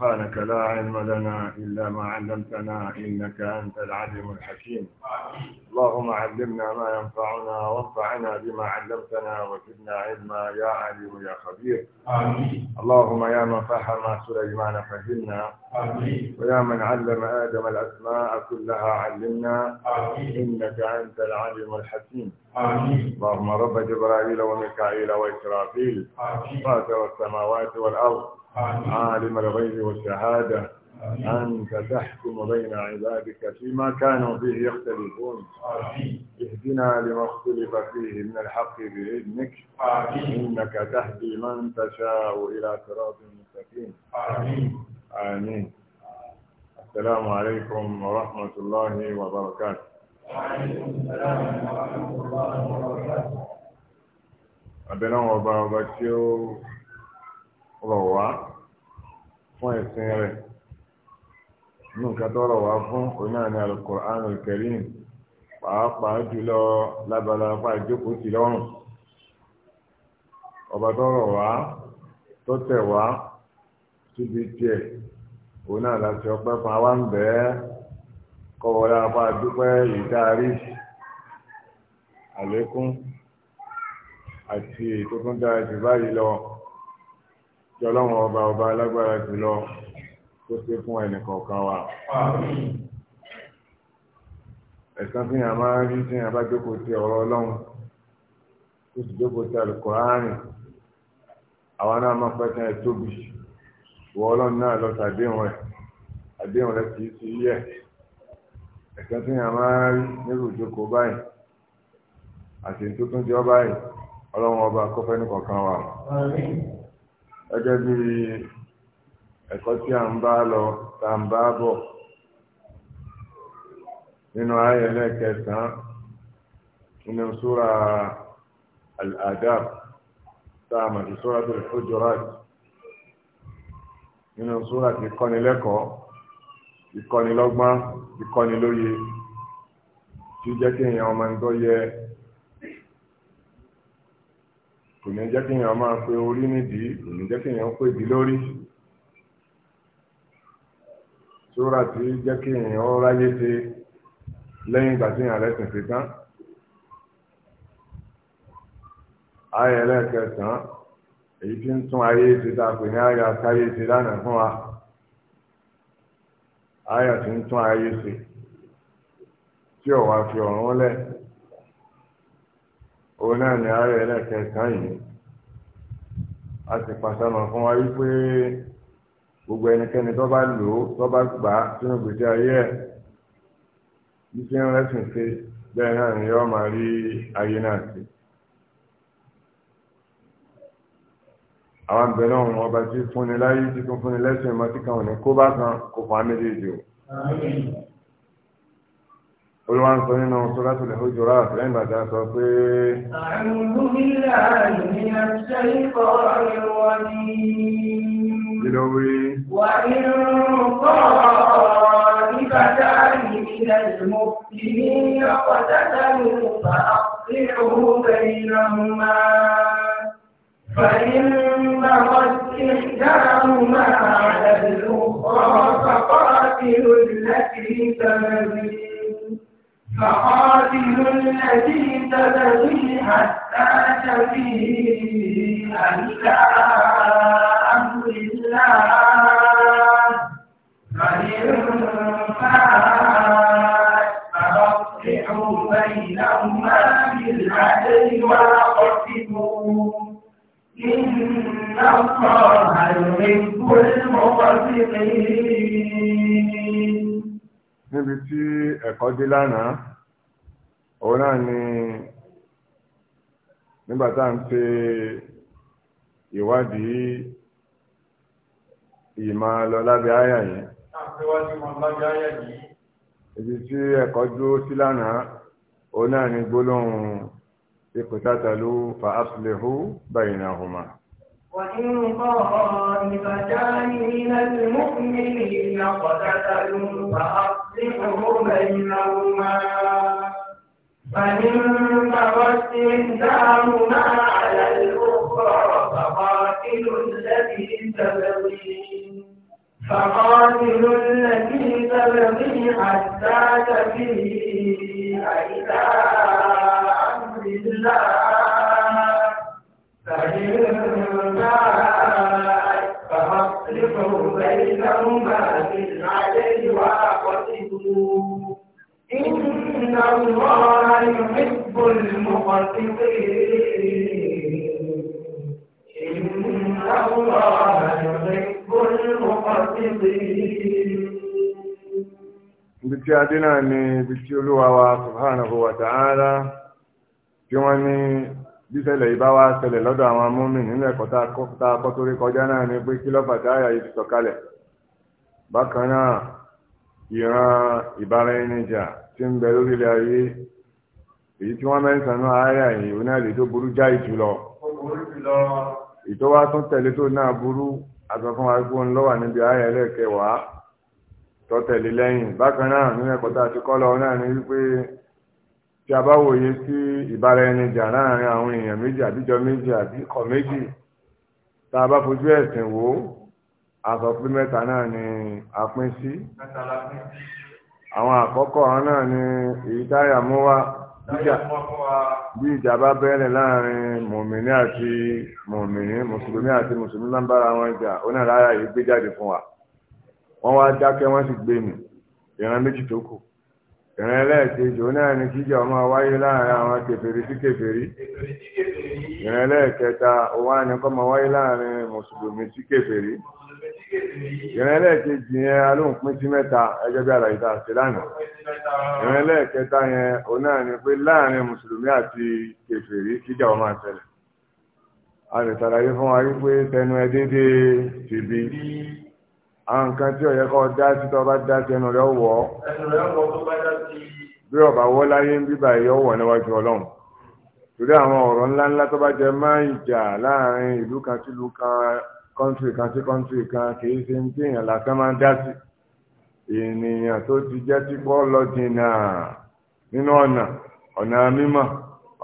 سبحانك لا علم لنا إلا ما علمتنا إنك أنت العليم الحكيم اللهم علمنا ما ينفعنا وانفعنا بما علمتنا وزدنا علما يا عليم يا خبير آمين. اللهم يا من فهم سليمان فهمنا آمين. ويا من علم آدم الأسماء كلها علمنا آمين. إنك أنت العليم الحكيم آمين. اللهم رب جبرائيل وميكائيل وإسرافيل فاتر السماوات والأرض عالم الغيب والشهادة أنت تحكم بين عبادك فيما كانوا فيه يختلفون اهدنا لما اختلف فيه من الحق بإذنك إنك تهدي من تشاء إلى صراط مستقيم آمين آمين السلام عليكم ورحمة الله وبركاته وعليكم السلام ورحمة الله وبركاته fún ẹ̀sìn rẹ̀ inú nǹkan tọrọ wá fún oní àná alukur'an alkarim pàápàá jùlọ lábala apá ìjókòó sí lọ́rùn ọba tọrọ wá tó tẹ̀ wá síbi tiẹ̀ òun láti ọpẹ́ fún àwa ń bẹ́ẹ́ kọ́wọ́lá apá dúpẹ́ ìdárí àlékún àti lọ. kí ọlọ́run ọba ọba alágbára jùlọ kó ṣe fún ẹnìkọ̀ọ̀kan wa. ẹ̀sán tí yàrá máa rí tí yàrá bá jókòó ti ọ̀rọ̀ ọlọ́run tó sì jókòó ti àlùkùránì àwa náà máa pẹ́ tán ẹ̀ tóbi wọ ọlọ́run náà lọ sàdéhùn ẹ̀ àdéhùn rẹ̀ kì í ti yẹ̀ ẹ̀sán tí yàrá máa rí nírú ìjókòó báyìí àti ìtótó jọ báyìí ọlọ́run ọba kọ́fẹ́ nìkọ̀ọ̀kan wa. Àmín gẹ́gẹ́ bí ẹ̀kọ́ tí a ń bá lọ tá a ń bá bọ̀ nínú ayé lẹ́kẹsàn-án nínú súra al-adab tá a mọ̀ sí suratul hujurat nínú súra ti kọ́ni lẹ́kọ̀ọ́ ìkọ́ni lọ́gbọ́n ìkọ́ni lóye tí jẹ́ kí èèyàn ọmọ ń tọ́ yẹ kò ní jẹ́ kí èèyàn máa pe orí nídìí kò ní jẹ́ kí èèyàn pè dí lórí sóra tí jẹ́ kí èèyàn ráyé ṣe lẹ́yìn ìgbà tí èèyàn lẹ́sìn ṣe tán ayé án èyí tí ń tún ayé ṣe tá a pè ní ayé akáyé ṣe lánàá fún wa ayé ń tún ayé ṣe fi òun náà ní ààrẹ ẹlẹ́kẹ̀ẹ́kan yìí a ti pàṣẹ mọ̀ fún wa wípé gbogbo ẹnikẹ́ni tó bá lò ó tó bá gbà á sínú gbèsè ayé ẹ̀ bí ṣe ṣe bẹ́ẹ̀ náà ni yọ́ máa rí ayé náà sí. àwọn abẹ́rẹ́ ọ̀hún ọba tí fúnni láyé tí tún fúnni lẹ́sìn mọ́ tí kàn ní kó bá kan kó fún amẹ́lẹ́dẹ́ o. olùwà ń sọ nínú Suratul Hujurat lẹ́yìn bàtà sọ pé. A'udhu billahi minash shaytanir rajim. Lílọ wí. Wà nínú kọ́ ìbàdà ìbílẹ̀ ìmọ̀kì ní ọ̀pọ̀dájà ló fà á sí òun bẹ̀rẹ̀ ọ̀ma. فإن بغت إحداهما على الأخرى فقاتلوا التي تبغي فقاتلوا الذي تبغي حتى تفيء إلى أمر الله فإن فاءت فأصلحوا بينهما بالعدل وأقسموا إن الله يحب المقسطين. níbi tí ẹ̀kọ́ dé lánàá òun náà ni nígbà tá à ń ṣe ìwádìí ìmọ̀ lọ lábẹ́ àyà yìí. ibi tí ẹ̀kọ́ dúró sí lánàá òun náà ni gbólóhùn iqtatalu fa aslihu baynahuma. وإن طائفتان من المؤمنين اقتتلوا فأصلحوا بينهما فمن مرت إحداهما على الأخرى فقاتل الذي تبغي فقاتل التي تبغي حتى تفيء إلى أمر الله فإن باءت فأصلحوا بينهما بالعدل وأقسطوا إن الله يحب المقسطين إن الله يحب المقسطين ibi tí a dé ni ibi tí olúwa wa tí wọ́n ní bíṣẹ̀lẹ̀ ìbá wa ṣẹlẹ̀ lọ́dọ̀ àwọn amúmi nílẹ̀ kọ́ta kọjá náà ni pé kí táyà ìran ìbáraẹnijà tí ń bẹ lórílẹ̀ ayé èyí tí wọ́n mẹ́sàn-án náà ayà yìí ó náà lè tó burú jáì jùlọ. ìtọ́wá tún tẹ̀lé tó náà burú àtọ̀fún wa kó ń lọ́wà níbi ayà ẹlẹ́kẹwàá tó tẹ̀lé lẹ́yìn bákan náà nínú ẹ̀kọ́ tá a ti kọ́ lọ náà ni wípé tí a bá wòye sí ìbáraẹnijà láàárín àwọn èèyàn méjì àbíjọ méjì àbí ikọ̀ méjì tá a bá fojú ẹ̀sìn wò ó àsọpín mẹ́ta náà ni a pín sí àwọn àkọ́kọ́ àwọn náà ni èyí táyà mú wá bí ìjà bá bẹ́ẹ̀lẹ̀ láàrin mùmìnì àti mùmìnì mùsùlùmí àti mùsùlùmí lámbára wọn jà onáàlára yìí gbé jáde fún wa wọ́n wá dákẹ́ wọ́n sì gbé mi ìran méjì tó kù ìran ẹlẹ́ẹ̀kejì onáà ni kíjà ọmọ wáyé láàrin àwọn kèfèrí sí kèfèrí ìran ẹlẹ́ẹ̀kẹta òwá ni kọ́mọ wáyé láàrin mùsùlùmí sí kèfèrí ìrẹ́lẹ̀ kejì yẹn alóhùn pín sí mẹ́ta ẹgbẹ́ bí àlàyé tá a ṣe lánàá ìrẹ́lẹ̀ kẹta yẹn òun náà ni pé láàrin mùsùlùmí àti kèfèrí kíjà wọn máa ṣẹlẹ̀ a lè ṣàlàyé fún wa wípé tẹnu ẹ dédé tìbí àwọn nǹkan tí ó yẹ kó dá sí tó bá dá sí ẹnu rẹ wọ̀ ọ́ bí ọba wọ́ láyé ń bíbà yìí ọ̀wọ̀ níwájú ọlọ́run torí àwọn ọ̀rọ̀ ńláńlá tó bá jẹ máa ń jà láàrin ìlú kan sílùú kan kọ́ńtírì kan sí kọ́ńtírì kan kìí ṣe ń tí èèyàn lásán máa ń dá sí ènìyàn tó ti jẹ́ tí pọ́ lọ jìnnà nínú ọ̀nà ọ̀nà mímọ̀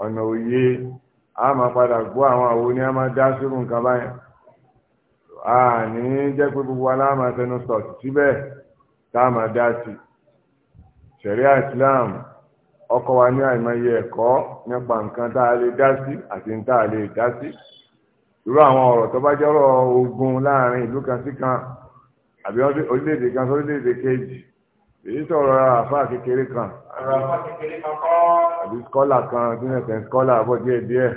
ọ̀nà òye a máa padà gbọ́ àwọn àwo ni a máa dá sírù nǹkan báyẹn a ní jẹ́ pé gbogbo aláàmà tẹnu sọ̀tù síbẹ̀ tá a máa dá sí ṣẹ̀ríà Islam ọkọ̀ wa ní àìmọye ẹ̀kọ́ nípa nǹkan tá a lè dá sí àti ní tá a lè dá sí irú àwọn ọ̀rọ̀ tó bá jọ́rọ̀ ogun láàrin ìlú kan sí kan àbí orílẹ̀-èdè kan sórílẹ̀-èdè kejì èyí sọ̀rọ̀ àfáà kékeré kan àbí skọ́là kan tí wọ́n tẹ̀ skọ́là mm, bọ̀ díẹ̀ díẹ̀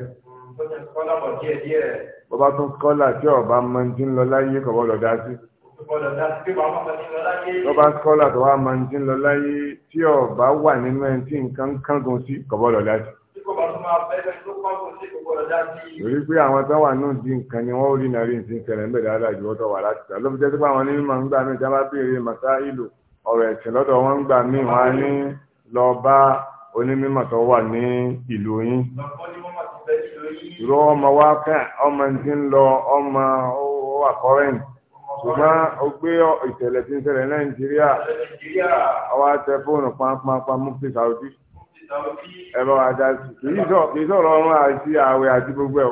bó bá tún skọ́là tí ọba máa ń ti ń lọ láyé kò gbọ́dọ̀ dá sí tó bá skọ́là tó wá máa ń ti ń lọ láyé tí ọba wà nínú ẹni tí nǹkan kángun sí kò gbọ́dọ̀ dá sí. torí pé àwọn tó wà náà di nǹkan ni wọ́n rí nàrí ní ìṣẹ̀lẹ̀ ń bẹ̀rẹ̀ wà láti ta lọ́bi jẹ́ pé àwọn onímọ̀ máa ń gbà mí jábá béèrè màsá ìlú ọ̀rọ̀ lọ́dọ̀ wọn ń gbà mí wọn á ní lọ bá onímọ̀ tó ní ìlú yín. ọmọ wa kẹ́ ọmọ ń lọ ọmọ ṣùgbọ́n ó gbé ìṣẹ̀lẹ̀ ń ṣẹlẹ̀ Nàìjíríà ọwọ́ fóònù ẹ bá wa dá sí kì í sọ̀rọ̀ ọrùn àti ààwẹ̀ àti gbogbo ẹ̀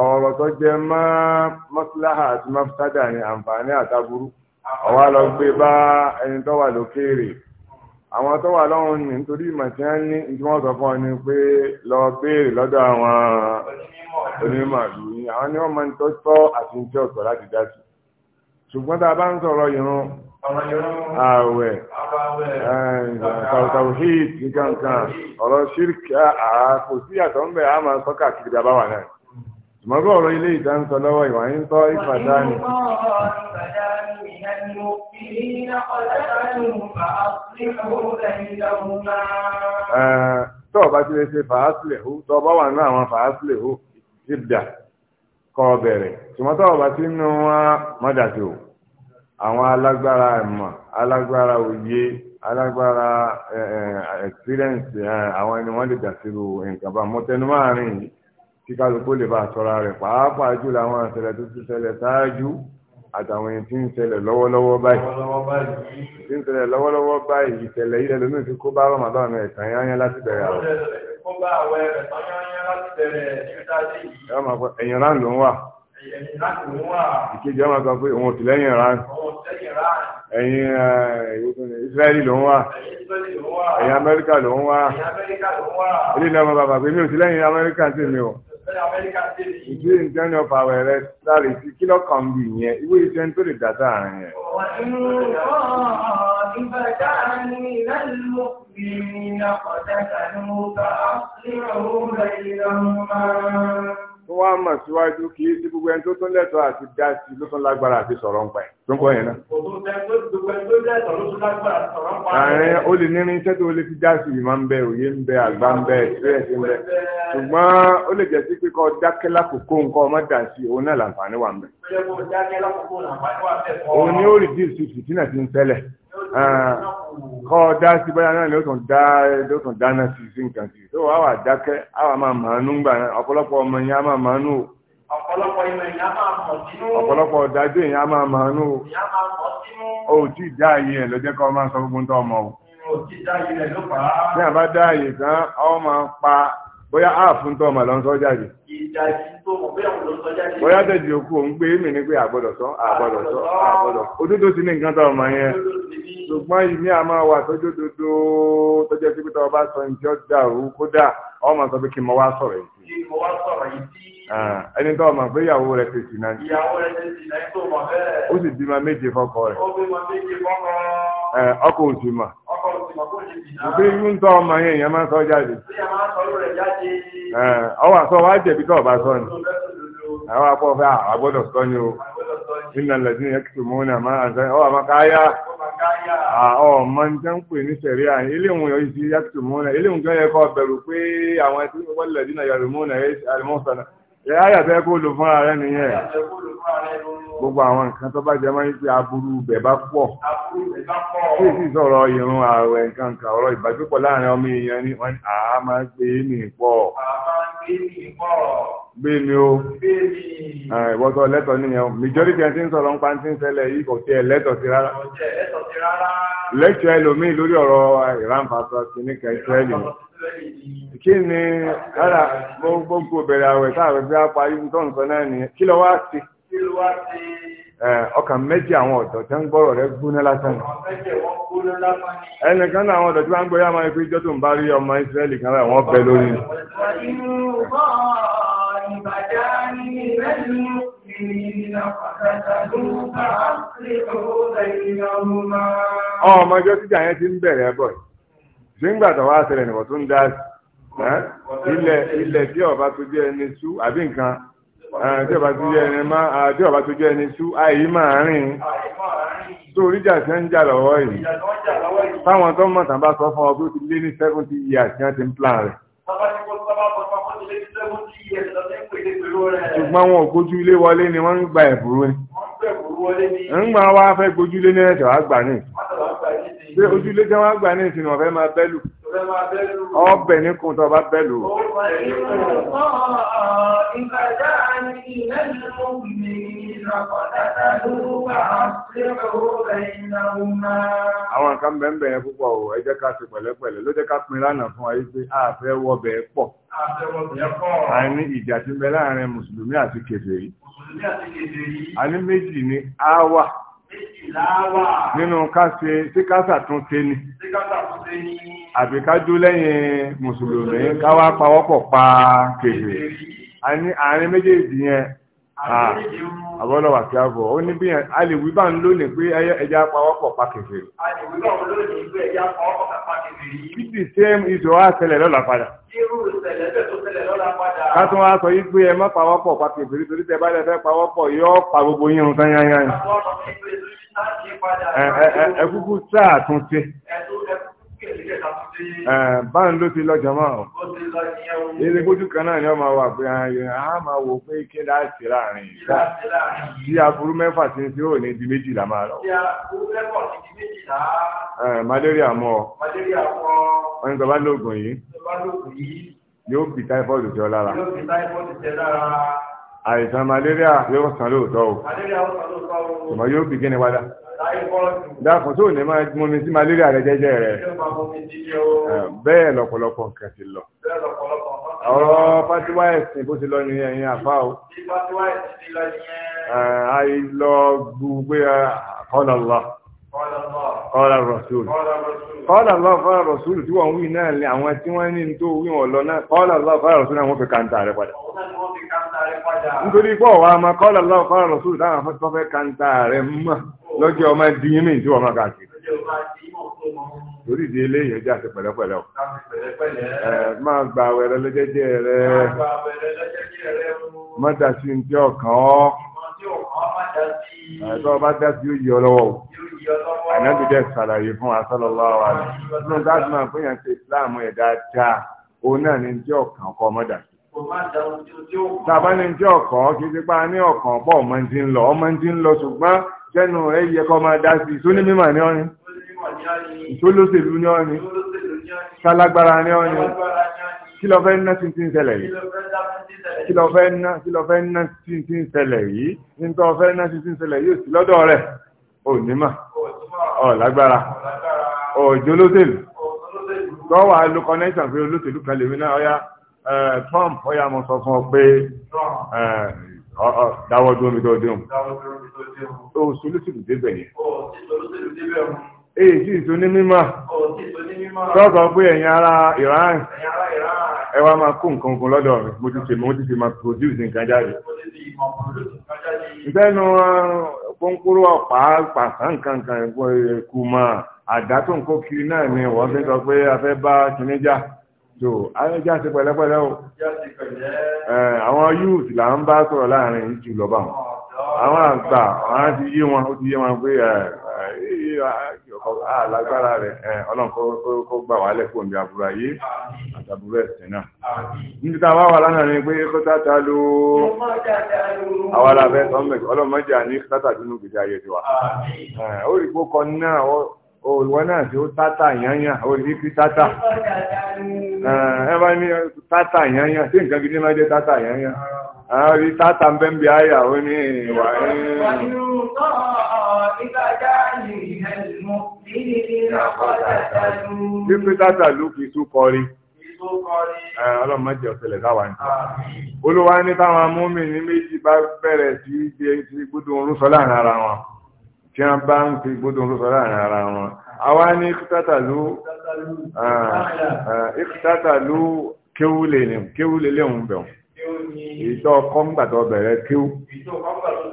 o. ọ̀rọ̀ tó jẹ mọ́ mọ́síláhà àti mọ́sádà ni àǹfààní àtàbúrú ọ̀wá lọ gbé bá ẹni tó wà lókèèrè àwọn tó wà lọ́hùn ní nítorí ìmọ̀ tí wọ́n ní tí wọ́n sọ fún ọ ni pé lọ béèrè lọ́dọ̀ àwọn onímọ̀ lù yín àwọn ni wọ́n máa ń tọ́ àti ń tẹ́ ọ̀tọ̀ láti dá sí ṣùgbọ́n tá a bá ń sọ̀rọ̀ ìrun ààwẹ̀ tawhid nǹkan kan ọ̀rọ̀ ṣírkì kò sí àtọ̀ ń bẹ̀ á máa sọ káàkiri bàbá wà náà mọ́gbọ́ ọ̀rọ̀ ilé ìdánsọ lọ́wọ́ ìwà ń sọ ìfàdáni tó ọba ti lè ṣe fàásílẹ̀ hù tó ọba wà ní àwọn fàásílẹ̀ hù ìdà kọ bẹ̀rẹ̀ ṣùgbọ́n tó ọba ti nù wọn mọ́dà sí òun àwọn alágbára ẹ̀mọ̀ alágbára òye alágbára experience àwọn ẹni wọ́n lè dàsírò nǹkan bá mọ́tẹ́nu máàrin yìí kí kálukú lè bá sọ́ra rẹ̀ pàápàá jùlọ àwọn àṣẹlẹ̀ tó ti ṣẹlẹ̀ ṣáájú àtàwọn èyí tí ń ṣẹlẹ̀ lọ́wọ́lọ́wọ́ báyìí tí ń ṣẹlẹ̀ lọ́wọ́lọ́wọ́ báyìí ìṣẹ̀lẹ̀ ilẹ̀ lómi ti kó bá Ramadan ẹ̀sán yányá láti bẹ̀rẹ̀ àwọn. ẹ̀yìn rán ń wà ìkejì ọmọ sọ pé òun ò tìlẹ́yìn ìran ẹ̀yin Israẹli ló ń wá ẹ̀yin Amẹ́ríkà ló ń wá ilé ìnáwó bàbá pé mi ò tìlẹ́yìn Amẹ́ríkà ń tèmi o ìdí ìjọni ọba wẹrẹ sáré sí kílọ̀ kan bí yẹn ìwé iṣẹ́ ń tó lè dá sáàrin yẹn. Ìbàdàn ni tó wá mọ̀ síwájú kì í sí gbogbo ẹni tó tún lẹ́tọ̀ọ́ àti dá sí ló tún lágbára àti sọ̀rọ̀ ń pa ẹ̀ tó ń kọ́ yẹn náà. àárín ó lè ní irinṣẹ́ tó lè fi dá sí ìmọ̀ ń bẹ òye ń bẹ àgbà ń bẹ ìrẹsì ń bẹ ṣùgbọ́n ó lè jẹ́ sí pé kọ́ dákẹ́ lákòókò nǹkan ọmọ dà sí òun náà làǹfààní wà ń bẹ. òun ni ó rìdíìsì fìtínà ti Ah, kọ́ dá sí baya náà ni tún dá ó tún dáná sí sí nǹkan sí tó wà dákẹ́ àwa máa màánú gbà náà ọmọ yẹn á máa o ọ̀pọ̀lọpọ̀ ìmọ̀ èèyàn máa mọ̀ sínú ọ̀pọ̀lọpọ̀ o sọ ọmọ o tí a bá dá ọ máa pa bóyá bóyá tẹ̀sí òkú òun pé èmi ni pé àgbọ̀dọ̀ sọ àgbọ̀dọ̀ sọ àgbọ̀dọ̀ òdodo sí ní nǹkan tó ọmọ yẹn ṣùgbọ́n ìmí a máa wà sójú dodo tó jẹ́ ọba sọ ìjọ kódà ọmọ sọ pé kí wá sọ̀rọ̀ yìí. ẹni tó ọmọ pé ìyàwó ti sì náà. ìyàwó rẹ̀ ti sì náà tó mọ̀ bẹ́ẹ̀. ó sì bímọ méje Ìgbé irú ń tọ́ ọmọ yẹn èèyàn máa ń sọ jáde. Ọwọ́ àsọ wa jẹ̀bi tó ọba sọ ni. Àwọn akọ fẹ́ àgbọ́dọ̀ sọ ni o. Nínú ẹlẹ́sì yẹn kìtù mú ní àmọ́ àṣẹ ọwọ́ àmọ́ káyá. Ọmọ ní tẹ́ ń pè ní sẹ̀rí à ilé ìwọ̀n yóò ti yá kìtù mú ní ilé ìwọ̀n yóò yẹ kọ́ bẹ̀rù pé àwọn ẹtí wọ́n lẹ̀ dínà yàrá mú ní àlùmọ́sánà. ẹ̀yà fẹ́ kó lò fún ààrẹ gbogbo àwọn nǹkan tó bá jẹ máa ń pè aburú bẹ̀ bá pọ̀ tí sì sọ̀rọ̀ ààrẹ nǹkan kan ọ̀rọ̀ ìbájúpọ̀ ọmọ èèyàn ni wọ́n á máa gbé ní o ìwọ́n lẹ́tọ̀ nìyẹn majority ẹ̀ ti ń sọ̀rọ̀ nípa ti ń yìí kò tiẹ̀ lẹ́tọ̀ sí rárá lẹ́tọ̀ ẹlòmíì lórí kí ni ara gbogbo bẹ̀rẹ̀ àwẹ̀ sáàrẹ̀ bí a parí tó ń náà nìyẹn kí ló wá sí ọkàn méjì àwọn ọ̀dọ́ tẹ́ ń gbọ́rọ̀ rẹ gbóná lásán ni ẹnìkan náà àwọn ọ̀dọ́ tí wọ́n ń gbé yàmọ́ ikú ìjọ́ tó ń bá rí ọmọ ìsírẹ́lì kan rẹ̀ wọ́n bẹ lórí ni. ọmọ ìjọ tíjà yẹn ti ń bẹ̀rẹ̀ bọ̀ yìí sígbà tó wá ṣẹlẹ̀ nìwọ̀n tó ń dá ilẹ̀ ilẹ̀ tí ọba tó jẹ́ ẹni sú àbí nǹkan tí ọba tó jẹ́ ẹni má tí ọba tó jẹ́ ẹni sú àyè máa rìn torí jà sí ń jà lọ́wọ́ yìí táwọn tó mọ̀ tàn bá sọ fún ọ pé ó ti lé ní seventy years tí wọ́n ti ń plan rẹ̀. ṣùgbọ́n wọn ò gbójú ilé wọlé ni wọ́n ń gba ẹ̀bùrú ni. ń gbà wá fẹ́ gbójú ilé ní ẹ̀ṣọ́ àgbà ní pé ojúlé jẹ́ wá gbà ní ìsinmi ọ̀fẹ́ máa bẹ́lù ọbẹ̀ ní kun tó bẹ́lù. àwọn nǹkan bẹ́ẹ̀ yẹn púpọ̀ o ẹ jẹ́ ká ṣe pẹ̀lẹ́pẹ̀lẹ́ ló jẹ́ ká pin lánàá fún wa yìí pé àfẹ́ wọbẹ̀ pọ̀ a ní ìjà tí bẹ láàrin mùsùlùmí àti kèfèrí a ní méjì ní áwà nínú káṣe tí káṣà tún ṣe ni àbí ká dú lẹ́yìn mùsùlùmí káwá pawọ́pọ̀ pa kèfè àárín méjèèjì yẹn Ah, àbọ̀lọ̀ wà kí á bọ̀ ó ní bí a lè wí bá ń lónìí pé ẹja pawọ́pọ̀ pàkèfè. a lè wí bá ń lónìí pé ẹja pawọ́pọ̀ pàkèfè yìí. kí sì ṣe ìṣòro àṣẹlẹ̀ lọ́la padà. irú ìṣẹ̀lẹ̀ bẹ́ẹ̀ tó ṣẹlẹ̀ lọ́la padà. ká tún wá sọ yìí pé ẹ má pawọ́pọ̀ pàkèfè nítorí tẹ bá lẹ fẹ́ pawọ́pọ̀ yóò pa gbogbo yín tán yányán. ẹ ẹ ẹ kúkú sáà tún ṣe báyìí ló ti lọ́jọ́ máa ọ̀. ilé gbójú kan náà ni wọ́n máa wà pé a máa wò pé kí láti láàrin ìta tí aburú mẹ́fà ti ń tí ó ní di méjìlá máa lọ. malaria mọ́ ọ. wọ́n ní tọ́ba lóògùn yìí. yóò bí táífọ́ọ̀dù jọ lára. àìsàn malaria yóò sàn lóòótọ́ o. tòmọ́ yóò bí kíni wádà dáàfọ̀ tó ní máa mú mi sí malaria rẹ jẹ́jẹ́ rẹ̀ bẹ́ẹ̀ lọ́pọ̀lọpọ̀ nǹkan ti lọ ọ̀rọ̀ fatiwa ẹ̀sìn bó ti lọ ní ẹ̀yìn àfá o àìlọ gbogbo ọlọ́lọ́ kọ́lá rọ̀súlù kọ́lá lọ́fà rọ̀súlù tí wọ́n wí náà lé àwọn tí wọ́n ní tó wí wọn lọ náà kọ́lá lọ́fà rọ̀súlù àwọn fi kàńtà rẹ̀ padà nítorí pọ̀ wá ma kọ́lá lọ́fà rọ̀súlù táwọn fẹ́ kàńtà rẹ̀ mọ́ lọ́jọ́ ọmọ di yín mìíràn tí wọ́n máa káàkiri. torí ìdí eléyìí ẹjẹ́ àti pẹ̀lẹ́pẹ̀lẹ́ o. máa gba àwẹ̀rẹ̀ lọ́jẹ́jẹ́ rẹ. má dá sí ní tí ọkàn ọ́. àìsàn ọba dá sí yóò yí ọ lọ́wọ́ o. ànábì dẹ́ sàlàyé fún asọ́lọ́lọ́ wa rẹ̀. nínú dáàbì máa pín yàn sí ìsìláàmù ẹ̀ dáadáa. òun náà ní tí ọkàn kọ́ ọmọ dà sí tàbá ní jẹ́ ọ̀kan kì í ti pa ní ọ̀kan pọ̀ ọmọ ti ń lọ ọmọ ti ń lọ ṣùgbọ́n tẹ́nu rẹ̀ yẹ kọ́ máa dá sí tó ní mímọ̀ ní ọ́ni tó lóṣèlú ní ọ́ni sálágbára ní ọ́ni kí lọ fẹ́ ná tí tí ń ṣẹlẹ̀ yìí kí lọ fẹ́ ná kí lọ fẹ́ ná tí tí ń ṣẹlẹ̀ yìí ní tó fẹ́ ná tí tí ń ṣẹlẹ̀ yìí sí lọ́dọ̀ rẹ̀ ò nímọ̀ ọ̀ òjò lóṣèlú tó wà ló connection pé olóṣèlú kan lè wí náà ọ̀yá Trump ọ̀yá mo sọ fún ọ pé ọ̀ọ̀ dáwọ́ dúró mi tó déhùn. ó solúsìlù débẹ̀ yẹn. èyí tí ìtò ní mímọ́. sọ́ọ̀tọ̀ pé ẹ̀yin ara Iran ẹ wá máa kó nǹkan ogun lọ́dọ̀ mi mo ti ṣe mo ti ṣe máa produce nǹkan jáde. ìfẹ́nu uh, pọ́ńkúrú ọ̀pá pàṣán nǹkan kan kú mọ́ àdá tó ń kó kiri náà ni wọ́n fi sọ pé a fẹ́ bá kinní jà so àwọn ìjà ṣe pẹ̀lẹ́pẹ̀lẹ́ o àwọn youth là ń bá sọ̀rọ̀ láàrin jù lọ́ba wọn àwọn àgbà àwọn ti yé wọn ó ti yé wọn pé alágbára rẹ̀ ọlọ́run kó gbà wálẹ̀ fún omi àbúrò ayé àtàbúrò ẹ̀sìn náà níbi tá a wá wà lánàá ni pé kó tàtà ló àwọn alábẹ́ sọ́mẹ̀kì ọlọ́mọdé àní tàtà dúnú gbèsè ayé tiwa ó rí kó kọ náà òwò náà tí ó tátà yányà oríkí tátà ẹbá ní tátà yányà tí nǹkan gidi máa jẹ́ tátà yányà orí tátà ń bẹ́ ń bí àyà ó ní ìwà Fífí tátà ló fi tú kọrí. Ọlọ́run má jẹ́ ọ̀sẹ̀lẹ̀ sáwà ní. Olúwa ní táwọn amúmi ní méjì bá bẹ̀rẹ̀ sí gbódùn orúsọ láàrin ara wọn tí wọ́n bá ń fi gbódò ń sọ láàrin ara wọn àwa ní ìkútàtàlú ìkútàtàlú eh, kéwú lè ní kéwú lè léhùn bẹ̀ ìtọ́ kọ́ngbà tó bẹ̀rẹ̀ kéwú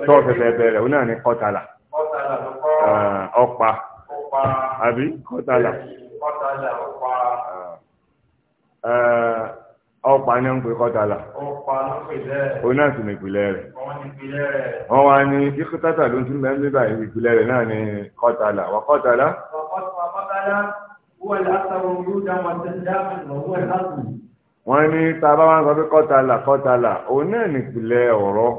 tó fẹ̀fẹ̀ bẹ̀rẹ̀ ó náà ní kọ́tàlà eh, ọ̀pá àbí kọ́tàlà ọpa ní ọ̀pẹ kọ́tàlá òun náà sì ní ìpìlẹ̀ rẹ̀ wọ́n wá ní ìkọ́tàtà ló ń tún bẹ́ẹ̀ bíbá ìpìlẹ̀ rẹ̀ náà ní kọ́tàlá wà kọ́tàlá. wọ́n ní tá a bá wá ń sọ pé kọ́tàlá kọ́tàlá òun náà ní ìpìlẹ̀ ọ̀rọ̀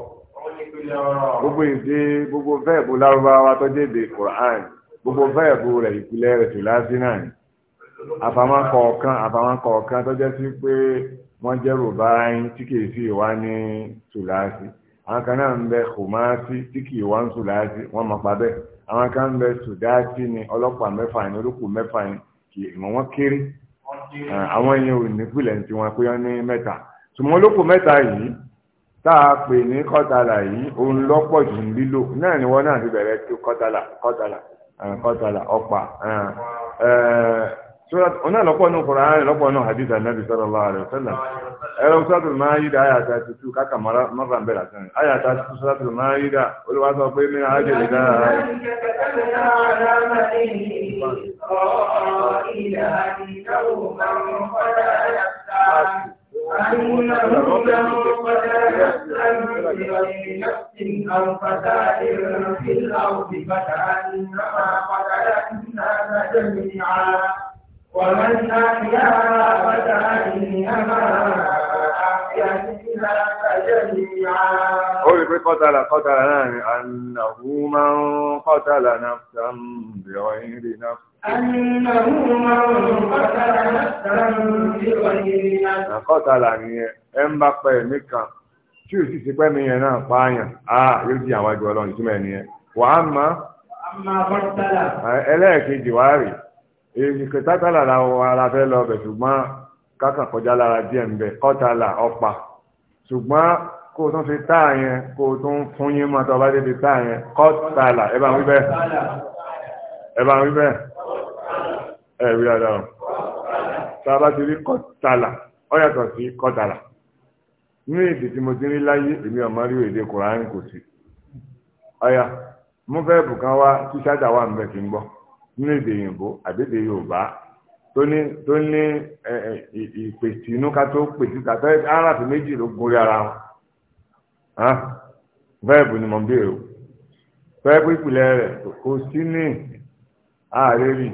gbogbo ìdí gbogbo fẹ́ẹ̀bù lárúbáwá tó dédé Qur'an gbogbo fẹ́ẹ̀bù rẹ̀ ìpìlẹ̀ rẹ̀ tùlásí náà àfàmà kọ̀ọ̀kan àfàmà kọ̀ọ̀kan tó jẹ́ sí pé wọ́n jẹ́ rùbáyín tí kìí sí ìwá ní tùlàásì àwọn kan náà ń bẹ kòmáàsì tí kìí wá ń tùlàásì wọ́n máa pa bẹ́ẹ̀ àwọn kan ń bẹ sùdáàsì ni ọlọ́pàá mẹ́fà ni olókù mẹ́fà ni kì í mọ̀ wọ́n kéré àwọn yẹn ò ní pìlẹ̀ tí wọ́n pé wọ́n ní mẹ́ta ṣùgbọ́n olókù mẹ́ta yìí tá a pè ní kọ́tàlà yìí òun lọ́pọ̀ jù ń lílò náà ni wọ́n náà ti bẹ̀rẹ̀ kọ́tàlà kọ́tàlà kọ́tàlà ọ̀pá surat ona lọ́pọ̀ nù Qur'an lọ́pọ̀ oh, nù hadith anabi sallallahu alaihi wasallam ẹ̀rọ suratul maida aya ta ti tu kaka aya ta ti tu suratul maida olùwà sọ pé mi àjẹ lè dá. أو فساد في الأرض فكأنما جميعا ومن أحيا فكأنما أحيا Orí pé kọ́tàlà kọ́tàlà náà ni ànàhú máa ń kọ́tàlà náà ń bẹ̀rọ ìrì náà. Ànàhú máa ń kọ́tàlà náà ń bẹ̀rọ ni ẹ ń bá pẹ̀ mí kan, tí ò sì ti pẹ́ mi yẹn náà pààyàn, àà yóò di àwọn ẹgbẹ̀ ọlọ́run ìtumẹ̀ nìyẹn. Wàá máa. Àmà kọ́tàlà èyí kẹtàtàlà làwọn ara fẹ́ lọ bẹ̀ ṣùgbọ́n kákan kọjá lára díẹ̀ ń bẹ̀ kọ́tàlà ọ̀pá ṣùgbọ́n kó o tún fi tá a yẹn kó o tún fún yín mọ́ tọ́ bá dé fi tá a yẹn kọ́tàlà ẹ bá ń wí bẹ́ẹ̀ ẹ bá ń wí bẹ́ẹ̀ ẹ wí ọ̀dà o tá a bá ti rí kọ́tàlà ọ yàtọ̀ sí kọ́tàlà ní èdè tí mo ti rí láyé èmi ọ̀mọ́ rí èdè kùránì kò sí ọ̀yà mú fẹ́ bùkán wá tíṣáàdà wà ń bẹ̀ kí n gbọ́ nínú èdè òyìnbó àbẹ́dẹ yorùbá tó ní tó ní ìpèsè inú ká tó pèsè tàbí aráàlú méjì ló gorí ara wọn bẹ́ẹ̀bù ni mo ń béèrè o fẹ́ẹ́ pípìlẹ̀ rẹ̀ kò sí ní ààrẹ rí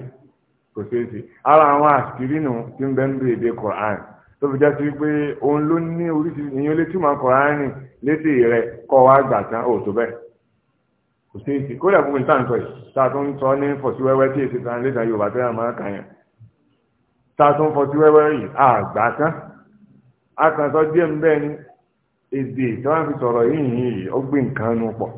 kò ṣeé ṣe ara àwọn àṣírí nù tí ń bẹ ń béèrè Quran tó fi jásí wípé òun ló ní oríṣiríṣi ìyẹn létí mọ́ Quran létí rẹ̀ kọ́ wa gbà tán ò tó bẹ́ẹ̀ kò sí èsì kódà gbogbo nǹkan nǹkan yìí tá a tún sọ ní fọ̀sí wẹ́wẹ́ tí èsì translator Yorùbá tó yà máa kàn yàn tá a tún fọ̀sí wẹ́wẹ́ yìí àgbà kan a kàn sọ díẹ̀ ń bẹ́ẹ̀ ni èdè tí wọ́n fi sọ̀rọ̀ yìí yìí ó gbé nǹkan nù pọ̀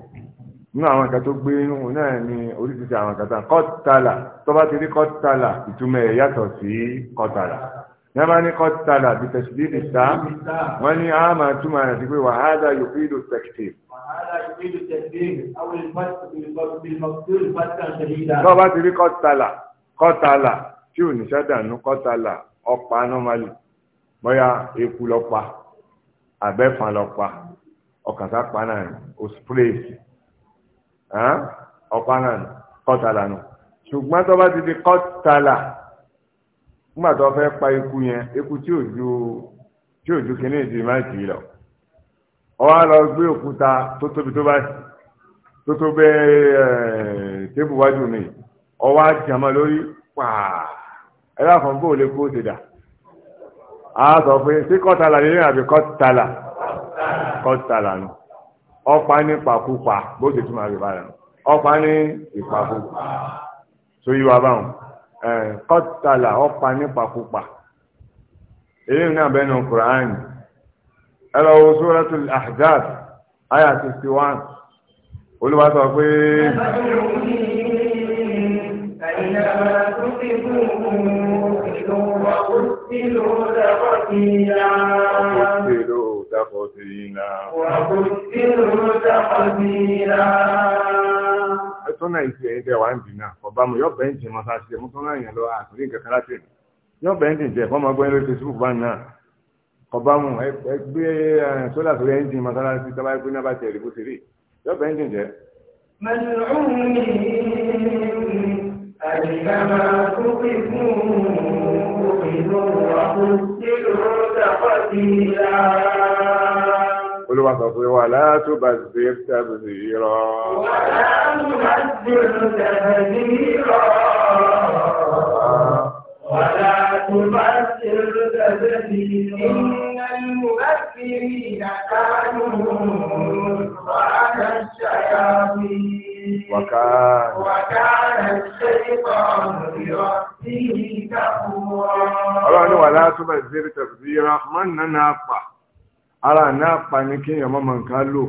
nínú àwọn kan tó gbé nínú náà ni oríṣiríṣi àwọn kan tán kọ́tàlà tó bá ti rí kọ́tàlà ìtumọ̀ ẹ̀ yàtọ̀ sí kọ́tàlà nàbà ní kọ́tàlà bí tẹ̀sídì ní ta wọ́n ní a máa túmọ̀ rẹ̀ sí pé wàhálà yóò fi ìlú tẹ̀kìtì. tọ́ba ti rí kọ́tàlà kọ́tàlà tí ò ní sádànù kọ́tàlà ọ̀pá anọ́málì bóyá eku lọ́pa abẹ́fà lọ́pa ọ̀kàtà pa náà ní ospreesi ọ̀pá náà kọ́tàlà nù ṣùgbọ́n tọ́ba ti di kọ́tàlà nígbà tó fẹ́ pa eku yẹn eku tí òjò tí òjò kìíní ìdí máa jì í lọ ọwọ́ lọ gbé òkúta tó tóbi tó bá tó tó bẹ́ẹ̀ tébù wájú mi ọwọ́ àjàmọ́ lórí pàà ẹ láfọ̀n bó lè kó o ti dà á sọ pé sí kọ́tàlà nílẹ̀ àbí kọ́tàlà kọ́tàlà nù ọ̀pá ní pàkúpa bó ṣe túmọ̀ àbí bàrà ọ̀pá ní ìpàkúpa sóyí wa báwọn kọ́tàlà ọ̀pá nípakúpa èyí náà bẹ́nu Quran ẹlọ wo Suratul Ahzab aya 61 olúwa sọ pé Òṣèlú òdàkọ̀ sí iná. Òṣèlú òdàkọ̀ sí iná súnà ìṣe ẹ̀yìn tẹ̀ wá ń dìnnà ọba mo yọ bẹ́ǹtì mọ́ sáà ṣe mú súnà yẹn lọ àtúndì nǹkan kan láti yọ bẹ́ǹtì jẹ fọmọ gbẹ́ lórí Facebook bá náà ọba mo ẹgbẹ́ sólà sórí ẹ̀ǹtì mọ́ sáà ṣe tọ́ba ẹgbẹ́ náà bá tẹ̀ ẹ̀rìbó sírí yọ bẹ́ǹtì jẹ. mẹ́lùmí àyíká الوسط ولا تبذر تبذيرا ولا تبذر تبذيرا ولا تبذر تبذيرا إن المبذرين كانوا وأنا الشياطين وكان وكان الشيطان لربه كفورا ولا تبذر تبذيرا من ننافح ara náà pa ní kí èèyàn mọ́mọ́ nǹkan lò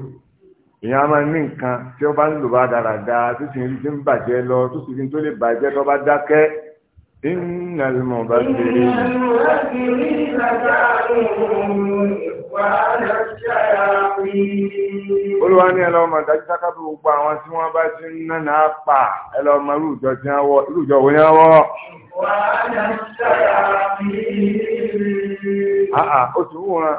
èèyàn máa ní nǹkan tí ó bá ń lò bá dáradára tó sì ń rí ń bàjẹ́ lọ tó sì ń tó lè bàjẹ́ tó bá dákẹ́ iná ló mọ̀ bá tèrè. olúwa ní ẹlọ ọmọ ìdájú sákàtú gbogbo àwọn tí wọ́n bá ti ń ná náà pa ẹlọ ọmọ irújọ tí wọ́n wọ irújọ wo ni wọ́n wọ. wàá ní sáyà mi. ó ti wúran.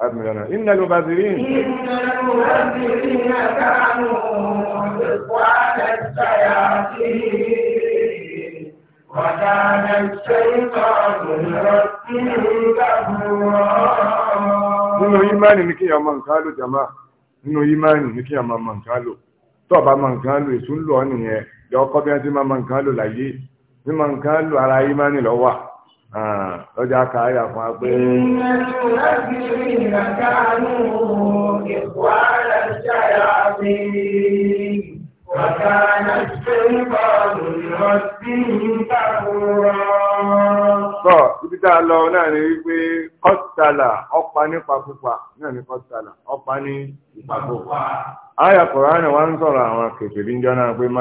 أدمرنا إن المبذرين إن المبذرين كانوا إخوان الشياطين وكان الشيطان لربه كفورا nínú ìmáànì ní kí ọmọ nǹkan lò jàmá nínú ìmáànì ní kí ọmọ nǹkan lò tó bá mọ nǹkan lò èsùn lò ọ nìyẹn yọ ọkọ bí wọn ti máa mọ nǹkan lò láyé mímọ nǹkan lò ara ìmáànì lọ wà lọ́jà ah, ká àyà fún wa pé. ìyẹn láti rí ìlàkánú ìwà àlàjá yà mí. وكان الشيطان لربه كفورا Ọkọ ibi tá a lọ náà ni wípé kọ́tàlà ọ̀pá nípa pupa náà ni kọ́tàlà ọ̀pá ní ipa pupa. àyà kọ̀ránì wá ń sọ̀rọ̀ àwọn kèfèrí ń jọ́nà pé ń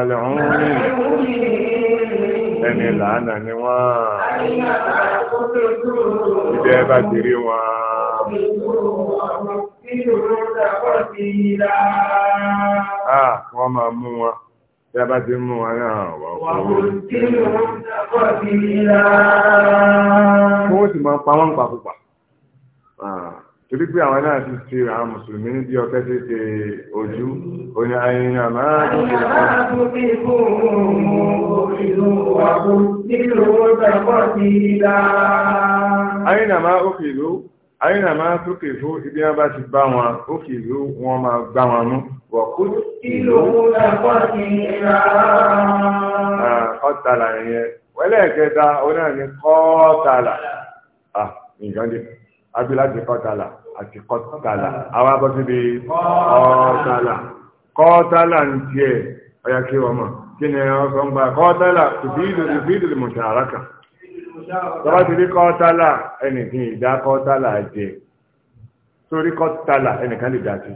ẹni làánà ni wọ́n ìdí ẹ bá ti rí wọn. Ah, wọ́n máa mú wọn. tí a bá ti mú wọn náà wà fún wọn sì máa pa wọn pàpùpà torí pé àwọn náà ti ṣe àwọn mùsùlùmí ní bí ọkẹ́ ti ṣe ojú oní ayin àmà tó ṣe fún ayin àmà òkè ìlú ayin àmà tó fún ibi wọn bá ti bá wọn òkè ìlú wọn máa gbá wọn mú Kọ́tàlà yẹn. Wẹ́lẹ́ẹ̀kẹta, onáà ni kọ́tàlà. Ah, nǹkan dé. Abílá ti kọ́tàlà àti kọ́tàlà. Àwọn abọ́ ti di kọ́tàlà. Kọ́tàlà ń tiẹ̀ ọ̀yà kí wọ́n mọ̀. Kí ni wọ́n sọ ń gba kọ́tàlà? Ìbídò lè mọ̀ṣà àràkà. Tọ́wọ́ ti rí kọ́tàlà, ẹnìkan ìdá kọ́tàlà jẹ. Sórí kọ́tàlà, ẹnìkan lè dá sí i.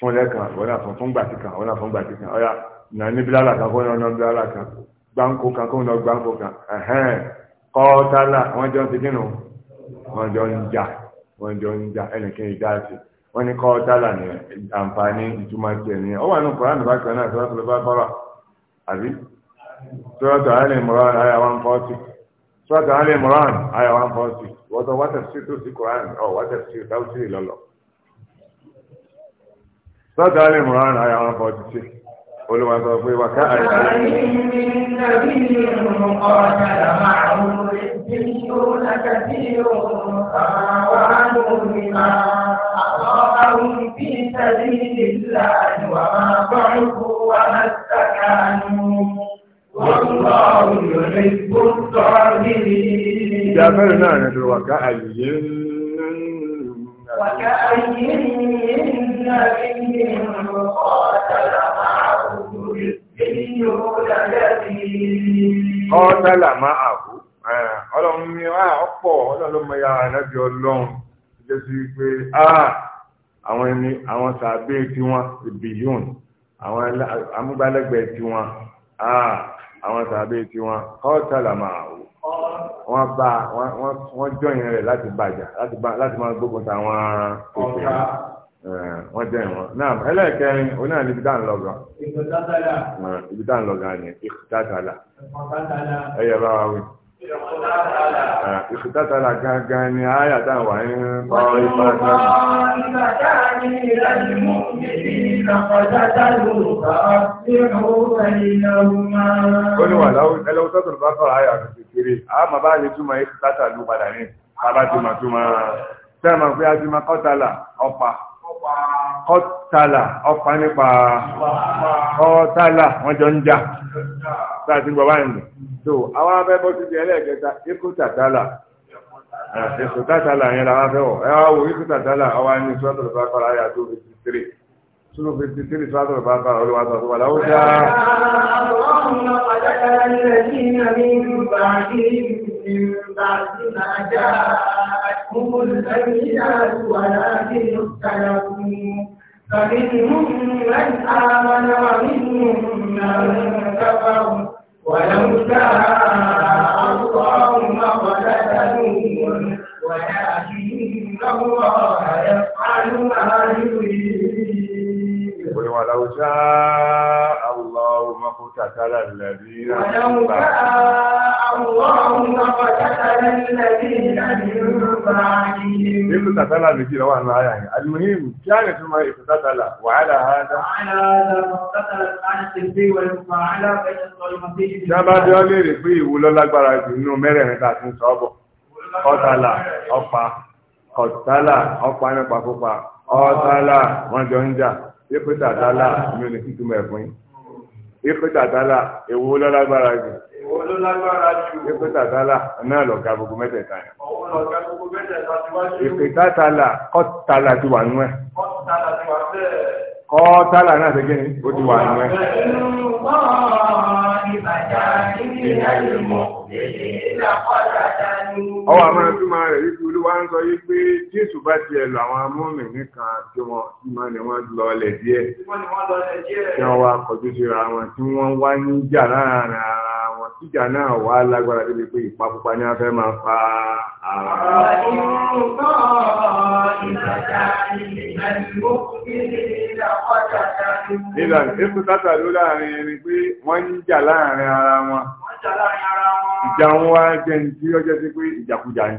fún lẹ́kan ọ̀nà fún fún gbàtí kan ọ̀nà fún gbàtí kan ọ̀yà nà ní bílálà kan fún ọ̀nà bílálà kan gbáǹkó kan kó ń lọ gbáǹkó kan ẹ̀hẹ́n kọ́ọ́tálà wọ́n jọ ń ti dínú wọ́n jọ ń jà wọ́n jọ ń jà ẹnìkan ìjà sí wọ́n ní kọ́ọ́tálà ní àǹfààní ìtumọ̀ tiẹ̀ nìyẹn ó wà nù kúránù bákan náà sọ́dọ̀ tó bá fọ́rọ̀ àbí sọ́dọ̀ alẹ́ mọ̀rán àyà one forty sọ́dọ̀ alẹ́ mọ̀rán àyà one forty wọ́tọ̀ wátẹ̀ sí tó sí kúránù ọ̀ wátẹ̀ sí tó sí lọ́lọ́ sọ́tà alẹ́ mọ̀ràn àyà wọn fọ́ ti ṣe olùwà sọ pé wà ká àyà Ìjà mẹ́rin náà ni tó wà ká àyè ń وكأين من نبي قاتل معه قاتل معه ọlọ́run ní ah, ọ̀pọ̀ ọlọ́run mọ ya ànábì ọlọ́run jẹ́ sí pé ah, àwọn ẹni àwọn sàbí tiwọn ìbìyún àwọn amúgbálẹ́gbẹ̀ẹ́ tiwọn ah, àwọn sàbí tiwọn kọ́ọ̀tàlà máa wò wọ́n bá wọ́n jọyìn rẹ̀ láti bàjá láti máa gbógun táwọn òkè wọ́n jọyìn wọn. náà ẹlẹ́ẹ̀kẹrin oní àná ibi tá à ń lọ gan. ibi tá à ń lọ gan ni ìkútàtàlà. ẹyẹ bá wa wí. ìkútàtàlà gangan ni àyà tá à ń wà ní ọ̀rọ̀ ìfọ̀rọ̀sọ. ìgbàdá mi láti mú mi ní ìlàkọjá dálóòkà nínú ẹ̀yìn ọ̀hún máa. ó ní wà láwùjọ ẹlẹ́wọ̀n tó tó lọ bá kọ̀ àyà rẹ̀ kékeré àmọ́ bá lè túmọ̀ ètò tátà ló padà ní bàbá ti mọ̀ túmọ̀ sẹ́mà pé a ti mọ̀ kọ́tàlà ọ̀pá kọ́tàlà ọ̀pá nípa kọ́tàlà wọ́n jọ ń jà láti gbọ́ báyìí tó àwọn abẹ́bọ́ ti di ẹlẹ́ẹ̀kẹta ikú tàtàlà ètò tàtàlà yẹn làwọn afẹ́wọ̀ ẹ wá wo ikú tàtàlà ọwọ́ ní sọ́tò lọ́pàá kọ́ra yà tó fi ti tiri. Súnú fifty three sọ́dọ̀ bàbá olúwa sọ fún wa láwùjọ. Àwọn ọ̀dọ́kọ̀lá ní ẹ̀jí náà ولو شاء الله ما اقتتل الذين ولو شاء الله ما اقتتل الذين من بعدهم اقتتل الذين وعن معايا المهم كانت ما اقتتل وعلى هذا وعلى هذا اقتتلت عن السلبي والمفاعلة بين الظلمتين كما جاء لي رفيه ولا لا gbára jù nínú mẹ́rẹ̀ẹ̀rin tàbí sọ́bọ̀ ọ̀tàlà ọ̀pá ọ̀tàlà ọ̀pá nípa púpà ọ̀tàlà wọ́n ipe tàtàlà mi ò ní kí túmọ̀ ẹ̀fún yín ipe tàtàlà èwo ló lágbára jù èwo ló lágbára jù ipe tàtàlà náà lọ̀gá gbogbo mẹ́tẹ̀ẹ̀ta yẹn ipe tàtàlà kọ́tàlà ti wà nú ẹ̀ kọ́tàlà náà ṣe kíni ó ti wà nú ẹ̀. ọwọ́ àmọ́ ẹ̀fí máa rẹ̀ yí wá ń sọ yìí pé jésù bá tiẹ̀ lọ àwọn amúnmí nìkan tí wọ́n máa ní wọ́n lọ ọlẹ̀ díẹ̀ tí wọ́n wá kọjú síra wọn tí wọ́n wá ní ìjà láàárín ara wọn tíjà náà wá lágbára débi pé ìpakúpa ni a fẹ́ máa fa ara. ìlànà èkó tátà ló láàárín ẹni pé wọ́n ń jà láàárín ara wọn. ìjà wọn wá jẹ́ ní tí ọjọ́ sí pé ìjàkújà ni.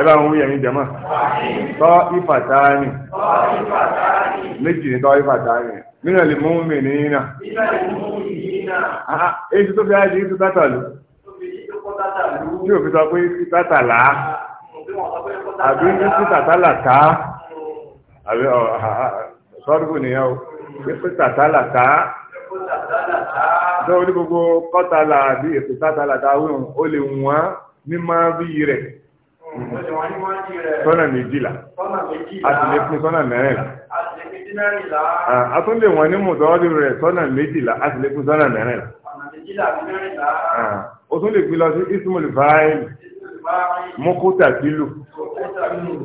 ẹbá wọn yẹ̀yìn jẹ́mọ́ tọ́ ìfàtàánì méjì ní tọ́ ìfàtàánì nínú lè mú mi ní iná èyí tó fi ààjì tó tátàlú tí ò fi sọ pé sí tátàlá àbí ní sí tátàlá ká àbí sọ́dúkù nìyẹn o sí tátàlá ká tó ní gbogbo kọ́tàlá àbí ètò tátàlá ká wíwọ̀n ó lè wọ́n ní máa bí rẹ̀ sọ́nà méjìlá a sì lè pín sọ́nà mẹ́rìnlá a tún lè wọ́n ní mùsọ́ọ́dì rẹ̀ sọ́nà méjìlá a sì lè pín sọ́nà mẹ́rìnlá o tún lè pín lọ sí ismul fa'il mọ́kútà tìlù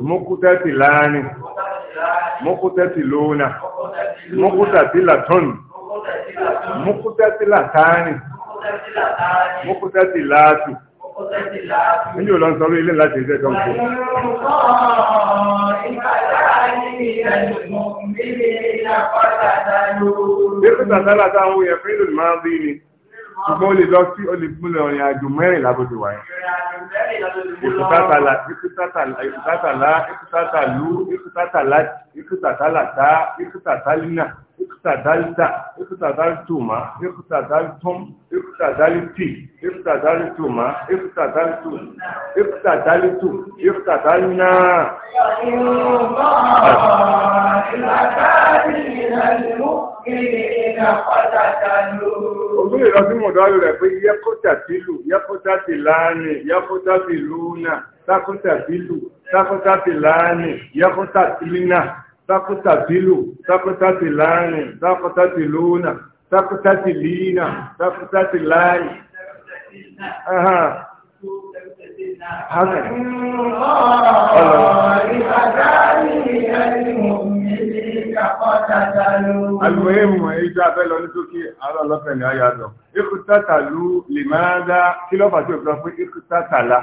mọ́kútà tìláni mọ́kútà tìlónà mọ́kútà tìlàtọ́nù mọ́kútà tìlàtánì mọ́kútà tìlàtù. Ní yóò lọ sọ ilé láti ẹgbẹ́ kan kú. Dépútà sálà táwọn yẹn fún ìlú máa ń rí ni. Ṣùgbọ́n o lè lọ sí olùgbìmọ̀ ọ̀rìn àjò mẹ́rin lábòdò wà yẹn. Ìkùtàtàlà, ìkùtàtàlà, ìkùtàtàlà, ìkùtàtàlú, ìkùtàtàlà, ìkùtàtàlà tá, ìkùtàtàlínà ìkútàdálítà ìkútàdálítùmá ìkútàdálítùm ìkútàdálítì ìkútàdálítùmá ìkútàdálítù ìkútàdálítù ìkútàdálínà. Òbí ìrọ̀símọ̀ dọ́rù rẹ̀ pé yẹ́kọ́tà tìlù, yẹ́kọ́tà tìlánì, yẹ́kọ́tà tìlúnà, sákọ́tà tìlù, sákọ́tà tìlánì, yẹ́kọ́tà tìlínà takutatilu takutatilani takutatiluna takutatilina takutatilani haka almuhimu ìjọ abẹ́lọ ní tókí ara ọlọ́fẹ́ ni a yàtọ̀ ikú tàtàlú lè máa dá kílọ́fà tí ó sọ fún ikú tàtàlá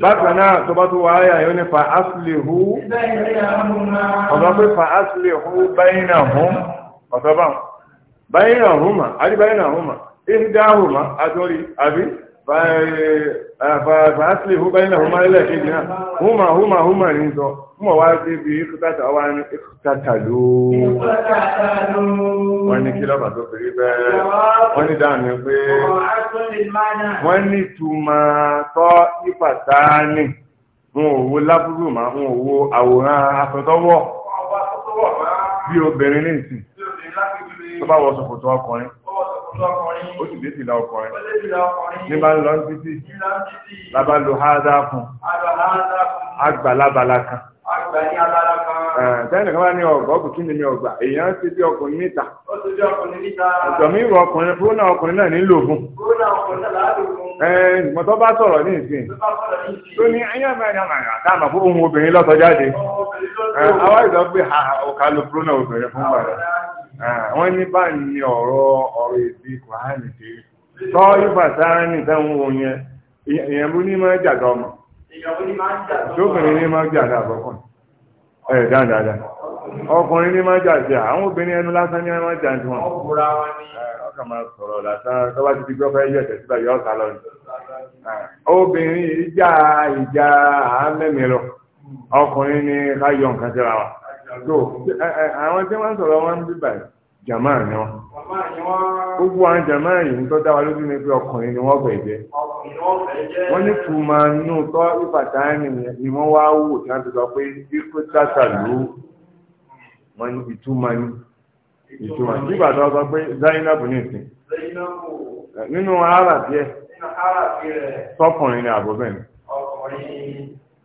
bákan náà tó bá tó wà áyà yóò ní fa aslihu ọ̀dọ́ pé fa aslihu bainahum ọ̀tọ́ bá bainahuma àti bainahuma ìdáhùnmá àtúrí àbí fàásìlì fún báyìí náà máa lẹ́ẹ̀kì náà húnmà húnmà húnmà ní sọ húnmà wá sí ibi ìkútàtà wá ní ìkútàtà ló wọ́n ní kí lọ́bà tó fèrè bẹ́ẹ̀ wọ́n ní dáàmì pé wọ́n ó sì dé la ọkùnrin ní bá ń lọ títí lábá lo háàdá fún agbàlábala kan tẹ́lẹ̀ bá ní ọgbà ni mi ọgbà èèyàn ti bí ọkùnrin níta mi rọ ọkùnrin fúnà ọkùnrin náà nílò fún ẹ̀ẹ́n mọ̀tọ́ bá sọ̀rọ̀ ní ìsìn tó ní ẹ̀yà mẹ́rin àmàrà dáàmà fún ohun obìnrin wọ́n ní bá ní ọ̀rọ̀ ọ̀rọ̀ èdè kòhánì tí tọ́ yípa sára ní ìdáhùn oyin ìyẹ̀bú ní máa jàdọ̀ ọmọ tóbìnrin ní máa ẹ̀ dáadáa ọkùnrin ní máa àwọn obìnrin ẹnu lásán ní máa jàdọ̀ wọn ọkà máa sọ̀rọ̀ lásán tó bá ti di gbọ́ fẹ́ yẹ̀ tẹ̀síbà yọ ọ̀sà lọ obìnrin ìjà ìjà lọ ọkùnrin ní ká yọ tó àwọn tí wọ́n ń sọ̀rọ̀ wọn ń bí báyìí jàmá ni wọn. gbogbo àwọn jàmá yìí ń tọ́ dá wa lójú ni pé ọkùnrin ni wọ́n fẹ́ jẹ́. wọ́n ní kù máa nù tọ́ ìfàtà ni wọ́n wá wò tí wọ́n ti sọ pé ikú tàṣà ló wọ́n ní ìtumọ̀ ní ìtumọ̀ nígbà tó sọ pé Zainab ní ìsìn. nínú ara tiẹ̀ tọkùnrin ni àbọ̀bẹ̀ ni.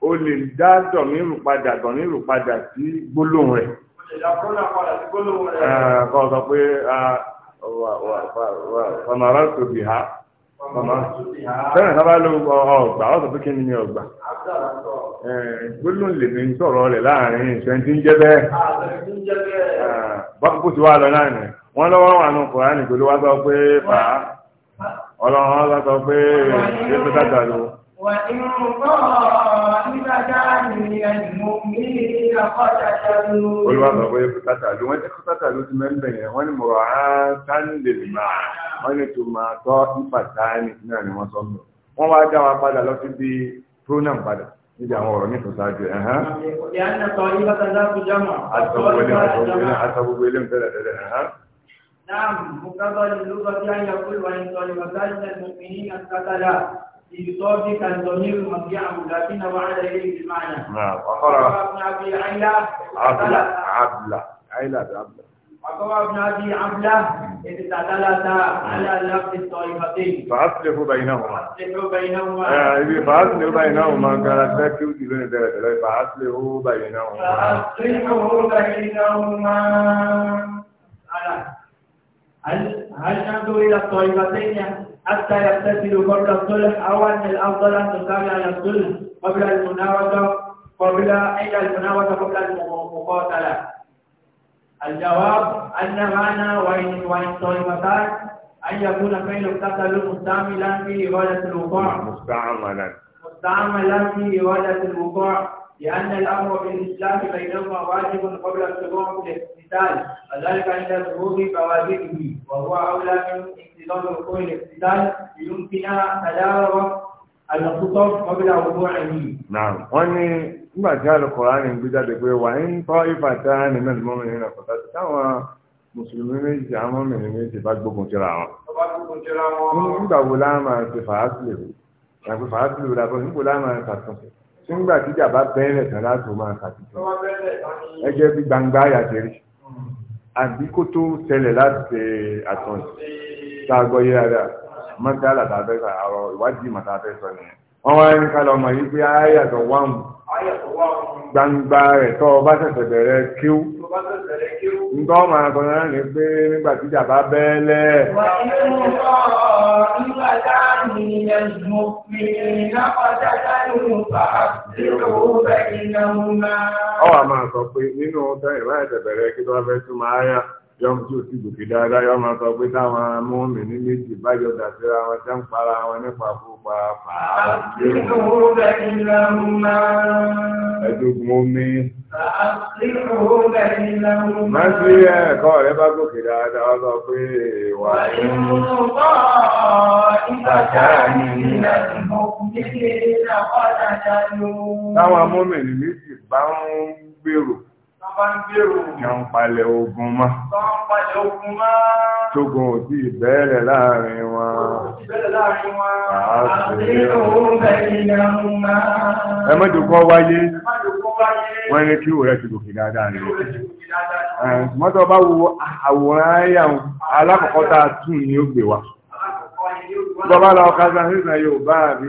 o lè dá dọ̀míìrù padà dọ̀míìrù padà sí gbólóhùn rẹ̀. Ah, kọ́ sọ pé ah, fọmọ̀rọ̀ tó bì há sẹ́yìn sábà ló ọgbà ọ̀sọ̀ pé kí ni ọgbà eh, gbólóhùn sọ̀rọ̀ rẹ̀ láàrin ìṣẹ́ tí ń jẹ́ bẹ́ẹ̀ ah, lọ náà wọ́n lọ́wọ́ wà nù Kùránì pẹ̀lú sọ pé ọlọ́run sọ pé وإن طائفتان من المؤمنين اقتتلوا قل وما هو يقتتلوا وين اقتتلوا من بينهم وين مراعاة للمعنى وين ثم طائفتان náà ni wọ́n sọ mọ́ wọ́n wá dá wa padà lọ sí bí pronoun padà níbi àwọn ọ̀rọ̀ nípa ṣáájú ẹ̀ hàn. Àtọ̀gbogbo ilé ń bẹ̀rẹ̀ tẹ́lẹ̀ ẹ̀ hàn. Náà, mo kábọ̀ ní lúgọ́ tí a yà kúrò wáyé sọ ìwà بإيصاد كان ضمير مرجعه لكن وعد إليه بالمعنى نعم وقرأ ابن أبي عيلة عبلة عبلة عيلة بعبلة وقرأ ابن أبي عبلة اتتلت على لفظ الطائفتين فأصلحوا بينهما فأصلحوا بينهما آه، فأصلحوا بينهما قالت ذاك يوتي بين درجة فأصلحوا بينهما فأصلحوا بينهما هل هل ننظر إلى الطائفتين حتى يغتسل قبل الصلح أو أن الأفضل أن يصلي على الصلح قبل المناوضة قبل عند المناوضة قبل المقاتلة الجواب أن معنى وإن وإن طائفتان أن يكون فعل القتل مستعملا في إرادة الوقوع مستعملا مستعملا في إرادة الوقوع لأن الأمر بالإسلام بينهما واجب قبل انتظام الاقتتال وذلك عند ظهور فوائده وهو أولى من انتظام وقوع الاقتتال ليمكن تداول الخطب قبل وقوعه. نعم وأني nígbà tí alukọ̀ránì gbé jáde pé wà ń tọ́ ìfàtà ní mẹ́rin mọ́mìnì náà kọ̀tà sí táwọn mùsùlùmí méjì àwọn mọ́mìnì méjì bá gbógun tíra wọn. nígbà wo láàmà ti fàásìlè rẹ̀ àti fàásìlè rẹ̀ àbọ̀ nígbà wo láàmà ti àtúnṣe nígbà tíjà bá bẹ́ẹ̀rẹ̀ tán láti máa kàtìkì ẹgẹ́ bí gbangba àyàtẹ̀rí àbí kó tó tẹlẹ̀ láti ṣe àtọ̀n tá a gbọ́ yé dáadáa mọ́tálà tàbẹ́sà àwọn ìwádìí màtàbẹ́sọ nìyẹn wọ́n wá ní kálọ̀ ọmọ yìí pé ayàtọ̀ wáhùn gbangba rẹ̀ tọ́ ọba ṣẹ̀ṣẹ̀ bẹ̀rẹ̀ kíw ǹtọ́ máa náà ní pé nígbà tí ìjà bá bẹ́ẹ̀lẹ̀. ọwọ́ máa sọ pé nínú ọ̀sẹ̀ ìwádìí bẹ̀rẹ̀ kí tó bá fẹ́ tún máa yọ́n tí ó ti gòkè dáadáa yọ́n máa sọ pé táwọn amóhùnmí ní méjì bájọ dàtíra wọn tẹ́ ń para wọn nípa púpa pàápàá. ẹ̀dùnkùn omi. má sí ẹ̀kọ́ rẹ bá gòkè dáadáa wọ́n sọ pé wà ní. táwọn amóhùnmí ní méjì bá ń gbèrò. Yàn palẹ̀ ogun mọ́. Tógun ò tí ìbẹ̀rẹ̀ láàrin wọn. Ẹ mọ́jùkọ́ wáyé, wọ́n ní kí òrẹ́ ti gòkè dáadáa rẹ̀. Mọ́tọ̀ bá wo àwòrán ayà alákọ̀ọ́kọ́ tá tún ní ó gbé wa. Bọ́bá lọ kásán nígbà yóò bá àbí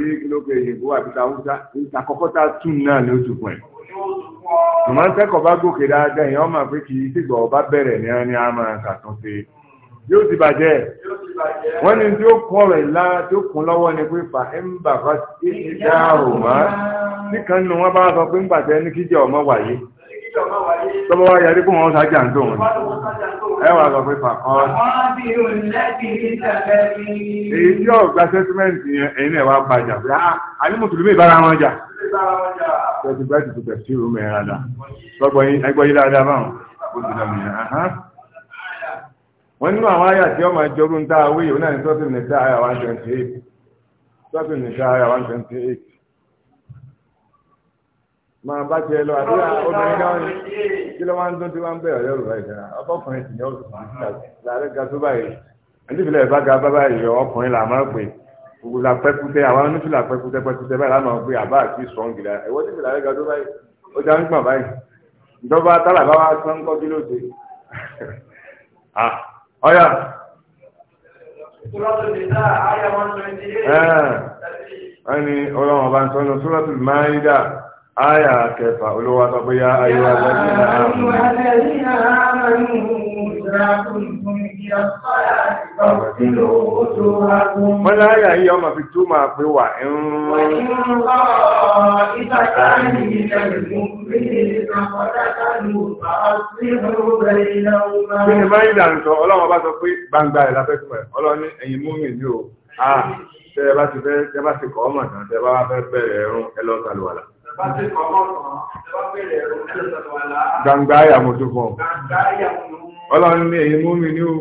kí yìnbó àbí tàwọn ìtàkọ́kọ́ tá tún náà ló tún pẹ̀lú tùmọ̀ ń tẹ́kọ̀ọ́ bá gòkè dáadáa èèyàn mọ̀ pé kì í sì gbọ̀ bá bẹ̀rẹ̀ ní ẹni a máa ṣàtúnṣe yóò ti bàjẹ́ wọ́n ní tí ó kọ́ rẹ̀ lá tí ó kún lọ́wọ́ ni pé fà ń bà bá ti dá òmá nìkan nù wọ́n bá sọ pé ń gbàtẹ́ ní kíjẹ́ ọmọ wáyé tọ́bọ̀ wá yarí pé wọ́n sájà ń tó wọn ẹwà lọ pé fàkọ́. èyí tí ọ̀gá sẹ́tímẹ́ǹtì yẹn ẹ̀yin náà wá bàjà pé ah, a ní mùsùlùmí ìbára wọn jà. tọ́jú bá ti tùtẹ̀ sí rúmẹ̀ rádà lọ́gbọ̀n yín ẹgbọ́n yín dáadáa báwọn bó ti dàmì yẹn. wọ́n nínú àwọn àyà tí ọmọ ìjọba ń tá àwé yìí ó náà ní sọ́ọ̀tún one twenty eight sọ́ọ̀tún one twenty eight máa bá tiẹ̀ lọ àbí obìnrin náà ni kí ló máa ń dún tí wọ́n ń bẹ̀rẹ̀ ọ̀yọ́ rẹ̀ ìdára ọkọ̀kùnrin sì ni ó sùn láàárẹ̀ ga tó báyìí àdìbìlẹ̀ ìbá ga bá báyìí ọkùnrin là máa pè gbogbo la pẹ́kútẹ́ àwọn onífìlà la pẹ́kútẹ́ pẹ́kútẹ́ báyìí láwọn máa pè àbá àti sọ̀ǹgìlà ẹ̀wọ́n tí ìfìlà rẹ̀ ga tó báyìí ó já ń gbọ̀n báyìí ìjọba tálábà wa sọ ń kọ́jú lóde. ọ̀yà. ẹni ọlọ́run ọba ń sọ ní Suratul Maida. Aya kẹfà olówó àtọ́gbé yá ayé alẹ́bìnà àmì. Wọ́n ní áyà yìí ọmọ fi túmọ̀ pé wà ń Kí ni máa ń dàntọ́? Ọlọ́run bá sọ pé gbangba ẹ̀ lábẹ́ pẹ̀. Ọlọ́run ní ẹ̀yin mú mi ní o. Ah, tẹ́ ẹ bá ti fẹ́, tẹ́ bá ti kọ́ ọmọ tán, tẹ́ bá wá fẹ́ bẹ̀rẹ̀ ẹ̀rún ẹlọ́ta lùwàlà. Gbangba ayà mo tó fọ́. Ọlọ́run ní mi ní o.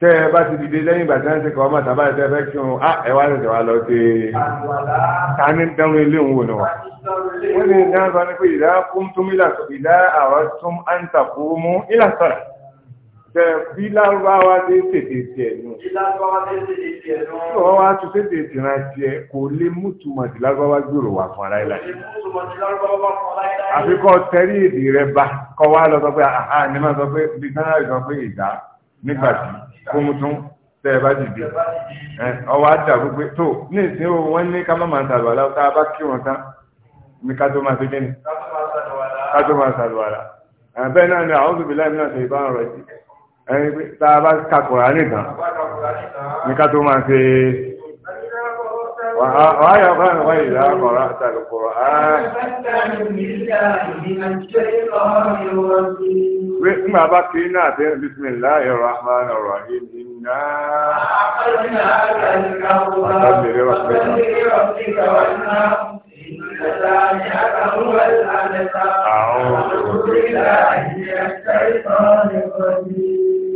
Tẹ́ ẹ bá ti dìde lẹ́yìn ìgbà tí wọ́n ti kọ́ ọmọ tàbá ẹ̀ fẹ́ a wọn á ah, ẹ̀wá tẹ̀tẹ̀ wá lọ Ta ní dánwó ilé òun wò ni wà? Wọ́n ní dáhùn sọ ní pé ìdá kúntúmílà ìdá àwọn tún àǹtà kúrú mú ìlà sọ̀rọ̀ tẹ bí lárúbáwá dé tètè tiẹ̀ nù. bí lárúbáwá dé tètè tiẹ̀ nù. tí wọ́n wá tún tètè tìǹà tiẹ̀ kò lè mú tùmọ̀ tí lárúbáwá gbèrò wà fún ara ìlà. àfikọ́ tẹ́rí èdè rẹ bá kọ́ wá lọ sọ pé àhá ni máa sọ pé bí sánárì sọ pé ìdá nígbà tí kómútún tẹ́ ẹ bá dìde ọwọ́ àjà gbogbo tó ní ìsìn o wọ́n ní ká má máa sàlùwàlà tá a bá kí wọn tán ní ká tó máa ṣe kíni ká náà ni àwọn òbí láì náà ṣe ìbára ẹni tá a bá ka Kùránì tán ní ká tó máa ṣe wáyà fún àwọn ìlà ọ̀rọ̀ àtàlùkọ̀rọ̀ ààrẹ. nígbà bá kí náà tẹ́ bismillahir rahmanir rahim iná. àtàlùkọ̀rọ̀ àtàlùkọ̀rọ̀ أعوذ بالله من الشيطان الرجيم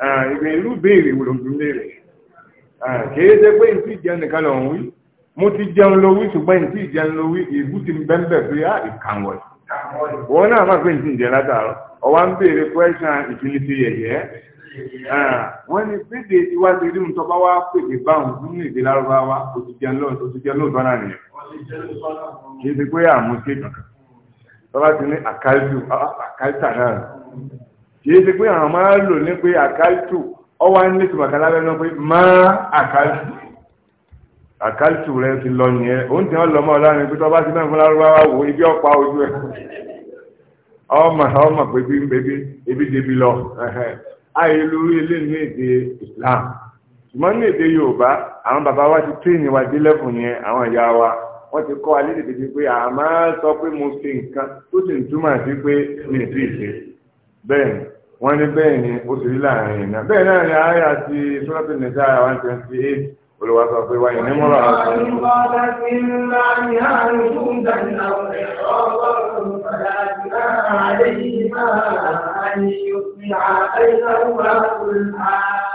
Ah, ìgbè irú béèrè wò ló fi léèrè kìí ṣe pé ntí jẹun nìkan lọ wí mo ti jẹun lọ wí ṣùgbọ́n ntí jẹun lọ wí ìbú ti bẹ́ńbẹ̀ pé á ah, ìkàwọ̀ wọn náà má pé ntí jẹun látàrọ ọwọ́ ń béèrè kwẹ́sàn ìfini ti yẹ̀yẹ́ ah, wọ́n ní péde ìwádìí rí mu tọ́ bá wá pèdè báwọn nínú ìdè lárúbáwá o ti jẹun lọ́wọ́ o ti jẹun lọ́wọ́ náà nìyẹn kìí ṣe pé àmúṣe tọ́lá ti ní àkálítù àkálítà náà kìí ṣe pé àwọn máa lò ní pé àkáltù ọwá ń létò màkà lábẹ́ náà pé má àkáltù àkáltù rẹ ti lọ yẹn òun tí wọn lọ mọ ọlọrin pé tọba ti náà fún lárúbáwá wo ibi ọpa ojú ẹ ọmọ ọmọ pé bí ebi débi lọ ayé lórí ilé ní èdè Islam ṣùgbọ́n ní èdè Yorùbá àwọn bàbá wa ti tírìnì wa dé lẹ́kùn yẹn àwọn ìyá wa wọ́n ti kọ́ alẹ́ tètè pé a máa sọ pé mo ṣe nǹkan tó sì ń túmọ̀ sí pé mi ì sí bẹ́ẹ̀ ni wọ́n ní bẹ́ẹ̀ ni ó ti rí láàrin ìná bẹ́ẹ̀ náà ni ààrẹ àti sọ́lọ́pì nìta one twenty eight olùwà sọ pé wáyé ní mọ́ra àwọn ọ̀sán.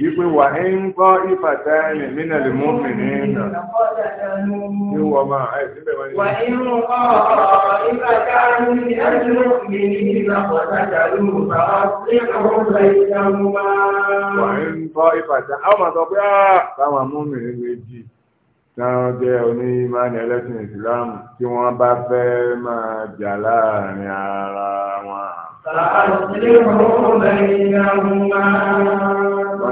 wípé wà ń kọ́ ìfàtà ẹ̀yìn mínà lè mú fi ní ìnà ní wọ́n máa àìsí bẹ̀rẹ̀ wọ́n ni. wà ń kọ́ ìfàtà ẹ̀yìn mínà lè ní ìnà pàtàkì àlùmọ̀ bá ṣe àwọn ọ̀rọ̀ ìjàmù máa. wà ń táwọn jẹ́ onímọ̀ọ́nì ẹlẹ́sìn ìsìláàmù tí wọ́n bá fẹ́ máa jà láàrin ara wọn. wọ́n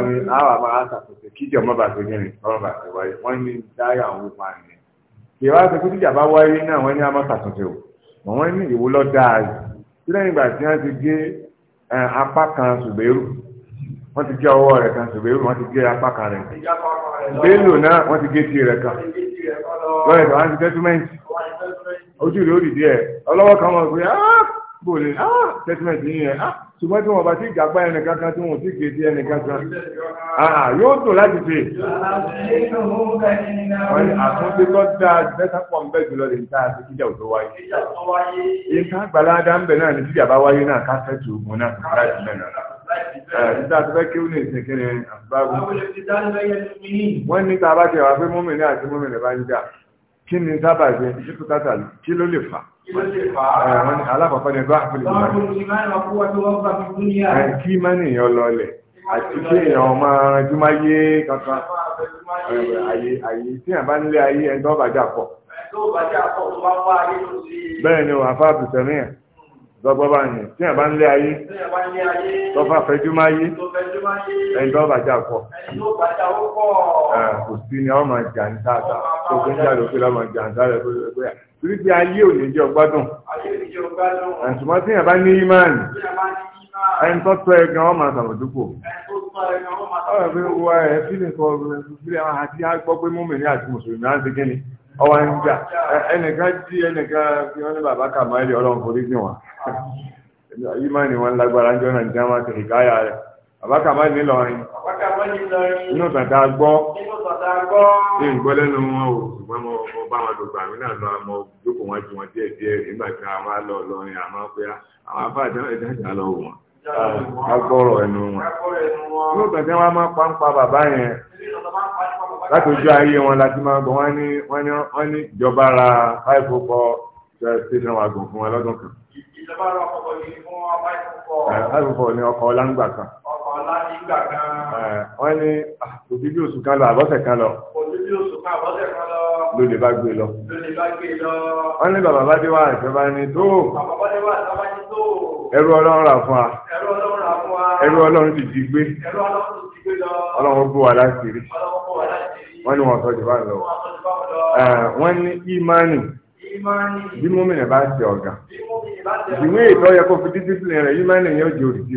ní àwọn àmọ́ àtàkùnṣe kíjọ mọ́ bàtẹ́ gẹ́rin ọ̀rọ̀ bàtẹ́ wáyé wọ́n ní dáyà òun pa nìyẹn. kì í wá sọ pé tíjà bá wáyé náà wọ́n ní àmọ́ ṣàtúnṣe o wọ́n ní ìwúlọ́ dáa sí lẹ́yìn ìgbà tí wọ́n ti gé eh, apá kan ṣùgbẹ́rù. wọ́n ti gé ọwọ́ rẹ̀ kan ṣùgbọ́n wọ́n ti gé apá kan rẹ̀ náà wọ́n ti gé rẹ̀ kan lọ́rẹ̀ tó wọ́n ti tẹ́túmẹ́ǹtì ojú rẹ̀ ó dìde ẹ̀ ọlọ́wọ́ kan wọ́n pé ah, bò lè ah, tẹ́túmẹ́ǹtì yìí ah. ṣùgbọ́n tí wọ́n ti gàgbá ẹni kankan tí wọ́n ti gé ẹni kankan yóò láti àtúntí tó dáa pọ̀ ń jùlọ ìdájọ́ kí ó lè ṣe kí ni àbábù. wọ́n ní tá a bá ti wà pé mọ́mìnì àti mọ́mìnì bá ń jà kí ni sábà ṣe ìṣípò tátà kí ló lè fà. wọ́n ní alákọ̀ọ́kọ́ ni bá àpèlè ìmọ̀ kí má nìyàn lọlẹ̀ àti kí èèyàn máa ranjú máa yé kankan àyè àyè tí àbá nílé ayé ẹni tó bàjá pọ̀. bẹ́ẹ̀ ni wàá fà bùtẹ̀ mìíràn lọ́gbọ́ bá yẹn tí yẹn bá ń lé ayé lọ́fà fẹjúmọ́ ayé ẹni tó bàjá pọ̀ kò sí ni ọmọ ìjà ń dáadáa tó kún jáde òkè lọ́mọ ìjà ń dáadáa tó lè gbéyà torí pé ayé ò lè jẹ́ ọgbádùn ẹ̀sùnmọ́ tí yẹn bá ní ìmáàní ẹni tó tọ́ ẹ gan ọmọ àtàmọ̀dúpọ̀ ọ̀rọ̀ pé wọ́n ẹ̀ fílẹ̀ kọ́ fílẹ̀ àti agbọ́ pé mọ́mìnrin àti mùsùlùmí á ń ṣe kí ni. ọwà ń gbà ẹnìkan tí ẹnìkan fi wọ́n ní bàbá kàmáìlì ọlọ́run forí sí wọn yìí máa ní wọn lágbára ń jọ náà jẹ́ máa tẹ̀lé káyà rẹ̀ bàbá kàmáìlì ńlọrin inú tàtà gbọ́ ní ìgbọ́lẹ́nu ṣùgbọ́n mo bá wọn náà lọ àmọ́ jókòó wọn ju wọn díẹ̀ díẹ̀ nígbà tí a máa lọ àmọ́ pé agbọ́rọ̀ ẹnu wọn ní òtàn tí wọ́n máa pa ń pa bàbá yẹn láti ojú ayé wọn láti máa gbọ́ wọ́n ní ìjọba ra five oh four eh, station wagon fún wọn lọ́dún kan ìjọba rọ ọkọ̀ yìí fún ọba ìfúkọ̀. àìfúkọ̀ ni ọkọ̀ ọláńgbà kan. ọkọ̀ ọláńgbà kan. wọ́n ní ah, òbí bí oṣù kan lọ àbọ̀sẹ̀ kan lọ. òbí bí oṣù kan àbọ̀sẹ̀ kan lọ. ló lè bá gbé lọ. ló lè bá gbé lọ. wọ́n ní bàbá bá dé wá ìjọba ní tó. bàbá bá dé wá ìjọba ní tó. ẹrú ọlọ́run rà fún wa. ẹrú ọlọ́run rà fún wa. ẹrú ọlọ́run ti di gbé. ẹrú ọlọ́run ti di gbé lọ. ọlọ́run bú wa láṣìírí. ọlọ́run bú wa láṣìírí. wọ́n ní wọn sọ jù bá lọ. wọ́n ní ìmánì bí mọ́mìnà bá ṣe ọ̀gá ìwé ìtọ́yẹ kó fi dídí sílẹ̀ rẹ̀ yìí máa ń yẹn ó òdìdí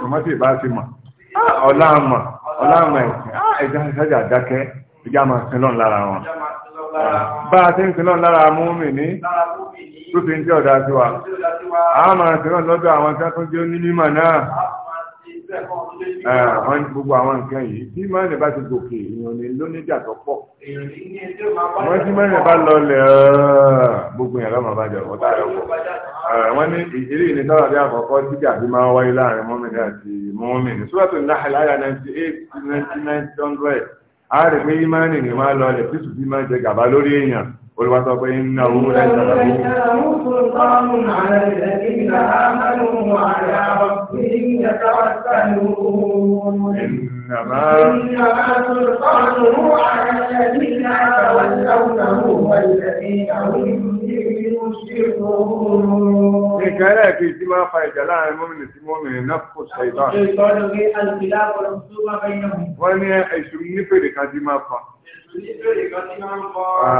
tòmátì bá ti mọ̀ ah, ọ̀làmọ̀ ọ̀làmọ̀ ẹ̀sìn ah, ẹ̀sìn sájà dákẹ́ ìjà máa sin lọ́n lára wọn. bá a ti ń sin lọ́n lára múmi ní tó fi ń jẹ́ ọ̀dà tiwa. a máa sin lọ́n lọ́dọ̀ àwọn tí wọ́n tún náà wọ́n gbogbo àwọn nǹkan yìí tí mọ́rin bá ti gòkè èèyàn ní lóníjà tó pọ̀ wọ́n tí mọ́rin bá lọlẹ̀ gbogbo yẹn lọ́mọ bá jẹ ọ̀tá rẹ̀ pọ̀ wọ́n ní ìdílé ìní tọ́lá bí àkọ́kọ́ tí gàbí máa ń wáyé láàrin mọ́mìnì àti mọ́mìnì sọ́tò náhàlì àyà 98 99 100 a rè pé ìmánì ni máa lọlẹ̀ tí sùfì máa jẹ gàbá lórí èèyàn والوسط إنه ليس له سلطان على الذين آمنوا وعلى ربهم يتوكلون إنما إنما سلطانه على الذين تولونه والذين هم Ìkà ẹlẹ́ẹ̀kejì tí máa fa ìjà láàrin mọ́mìnì sí mọ́mìnì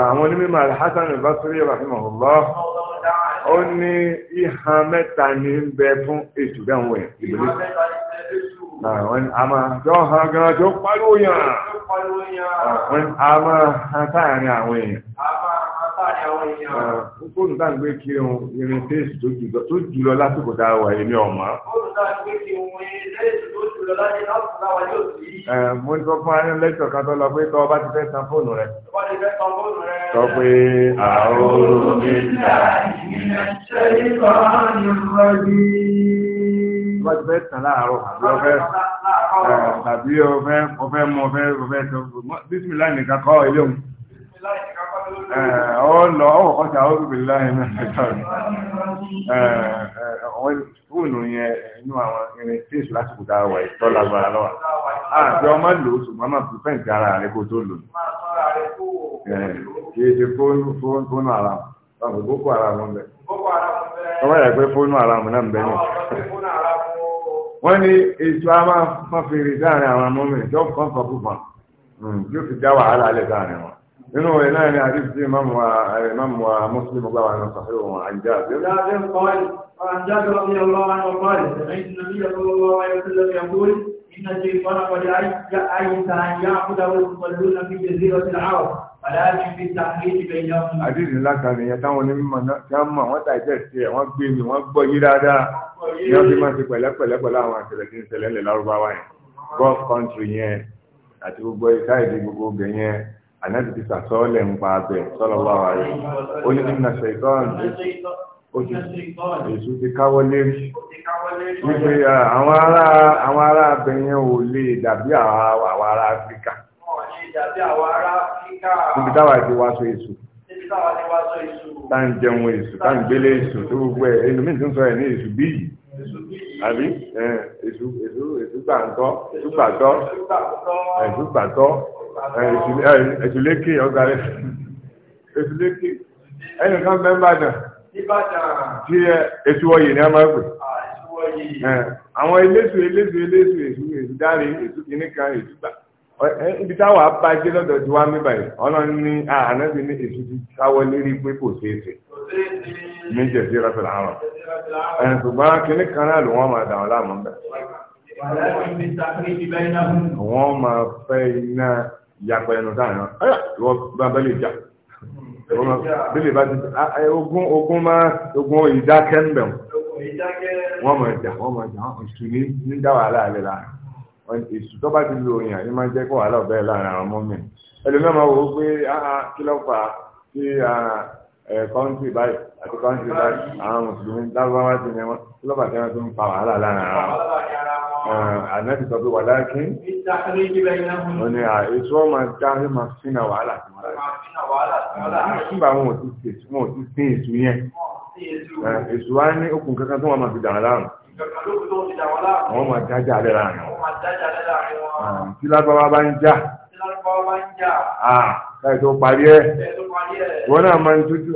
àwọn onímọ̀ alhassan al-basri rahimahullah ó ní ìhà mẹ́ta ní ń bẹ fún ètò dáwọn ẹ̀ ìbílẹ̀ àwọn àmà jọ hàn gan tó pariwo yàn ah, àwọn Ah, fóònù tá à ń gbé kiri ohun irin fèsì tó jùlọ lásìkò tá a wà èmi ọ̀mọ́. fóònù tá à ń gbé kiri ohun irin fèsì tó jùlọ lásìkò tá a wà yóò sí. Eh, mo ń sọ fún ayé lẹ́tọ̀ kan tó lọ pé tọ́ ọba ti fẹ́ san fóònù rẹ. ọba ti fẹ́ san fóònù rẹ. sọ pé àwọn olómi ńlá ìyẹn ṣe ìfọ̀ àyànfọ́jì. ọba ti fẹ́ san láàárọ̀ àbí ọfẹ́ eh, tàbí ọfẹ́ ọfẹ́ mọ ọfẹ́ ọfẹ́ tó bísí ọlọ ọwọ̀kọ́ tí a ó rúbì láàrin mẹ́rin ọ̀wọ́n fóònù yẹn inú àwọn irin tíìs láti kò dáa wà ìtọ́ lágbára lọ́wọ́ àti ọmọ lò ó ṣùgbọ́n máa pípẹ́ ìjà ara rẹ kó tó lò kì í ṣe fóònù ara ọ̀gbìn boko haram ń bẹ ọwọ́ yẹ pé fóònù haram náà ń bẹ náà wọ́n ní ètò a máa fi rìn sáàrin àwọn ọmọ mi tó kàn fọ́kùnfọ́n yóò fi dá wàhálà lẹ̀ sáàrin wọn nínú ẹ̀ náà ni àdìsí sí ìmáàmù ìmáàmù mùsùlùmí gbà wà ní sàfẹ́ òun àjá. إن الشيطان قد أيس أن يعبده المصلون في جزيرة العرب ولكن في التحليل بينهم. حديث لا كان يتعون مما كما وتأتي وقبل وقبل هذا yóò fi máa ti pẹ̀lẹ́pẹ̀lẹ́ pẹ̀lú àwọn àṣẹlẹ̀ tí ń ṣẹlẹ̀ lẹ̀ lárúbáwá yẹn gulf country yẹn àti gbogbo ìsáìdì gbogbo obìnrin yẹn ànábì ti sàtọ́ọ̀lẹ̀ ń pa abẹ sọ́lọ́wọ́ ààrẹ ó ní nínú ṣẹ̀tọ́ọ̀n èṣù ti káwọ́ lérí wípé àwọn ará àwọn ará abẹ yẹn ò lè dàbí àwọn ará áfíríkà níbi táwa ti wá sọ èṣù tá ń jẹun èṣù tá ń gbélé èṣù tó gbogbo ẹ ẹlòmíì tó ń sọ ẹ ní èṣù bí yìí àbí èṣù èṣù èṣù gbàǹtọ èṣù gbàtọ èṣù gbàtọ ẹ̀sùlékè ọgbà rẹ̀ ẹ̀sùlékè ẹnìkan mẹ́mbàdàn tí ẹ̀sùwọ̀yì ni a máa pè àwọn eléṣù eléṣù eléṣù èṣù èṣù dáre èṣù kìíní kan èṣù gbà ibi táwọn abájẹ́ lọ́dọ̀ tí wàá mẹ́bàyẹ̀ ọlọ́run ní ànábì ní èṣù ti sáwọ́ lérí pé kò ṣeé ṣe méjì sí rafet ahmed ẹn ṣùgbọ́n kínní kan náà ló wọ́n máa dàn ọ́ láàmú bẹ́ẹ̀. wọ́n máa fẹ́ iná ìyapa ẹnu dáná ẹyà ìwọ bá bẹ́lẹ̀ jà bẹ́lẹ̀ bá ti ogun ogun máa ogun ìdákẹ́ ń bẹ̀ wọ́n mọ̀ ẹ̀jà wọ́n mọ̀ ẹ̀jà èṣù ní ní dá wàhálà rẹ̀ lára èṣù tó bá ti lo òyìn àyè máa jẹ́ kó wàhálà ọ̀bẹ lára àwọn ọmọ mi ẹlòmíràn máa wò ó pé kí ló fà á sí kọ́ńtì báyìí àti kọ́ńtì báyìí àwọn mùsùlùmí lábáwá ti ní wọn kí ló fà á sí wọn tó ń fa wàhálà lára àwọn ànábì sọ pé wà láàkín ó ní àìsú ọmọ dáhé máa fínà wàhálà tí wọ́n láti nígbà wọn ò ti sí èsù yẹn èsù wá ní okùn kankan tó wọn máa fi dàn láàrùn wọ́n máa dájà alẹ́ láàrin wọn tí lágbàwá bá ń já káyì tó parí ẹ wọn náà máa ń tójú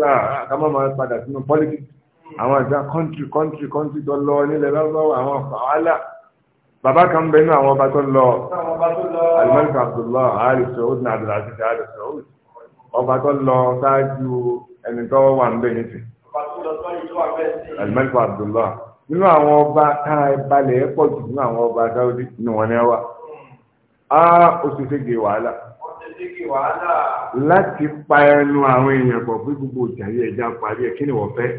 ká má máa padà sínú pọ́lítì àwọn àjà kọ́ńtì kọ́ńtì kọ́ńtì tó lọ nílẹ̀ lọ́wọ́ àwọn àfàwálà bàbá kan bẹ nínú àwọn ọba tó lọ alimọ́lùkà abdullah ali saud ní abdulaziz ali saud ọba tó lọ ṣáájú ẹni tó wà ń bẹ nísì alimọ́lùkà abdullah nínú àwọn ọba tá a balẹ̀ pọ̀ jù nínú àwọn ọba saudi ni wọ́n ní wa á ó ti ṣe gé wàhálà láti pa ẹnu àwọn èèyàn pọ̀ pé gbogbo ìjà yìí ẹja parí ẹ̀ kí ni wọ́n fẹ́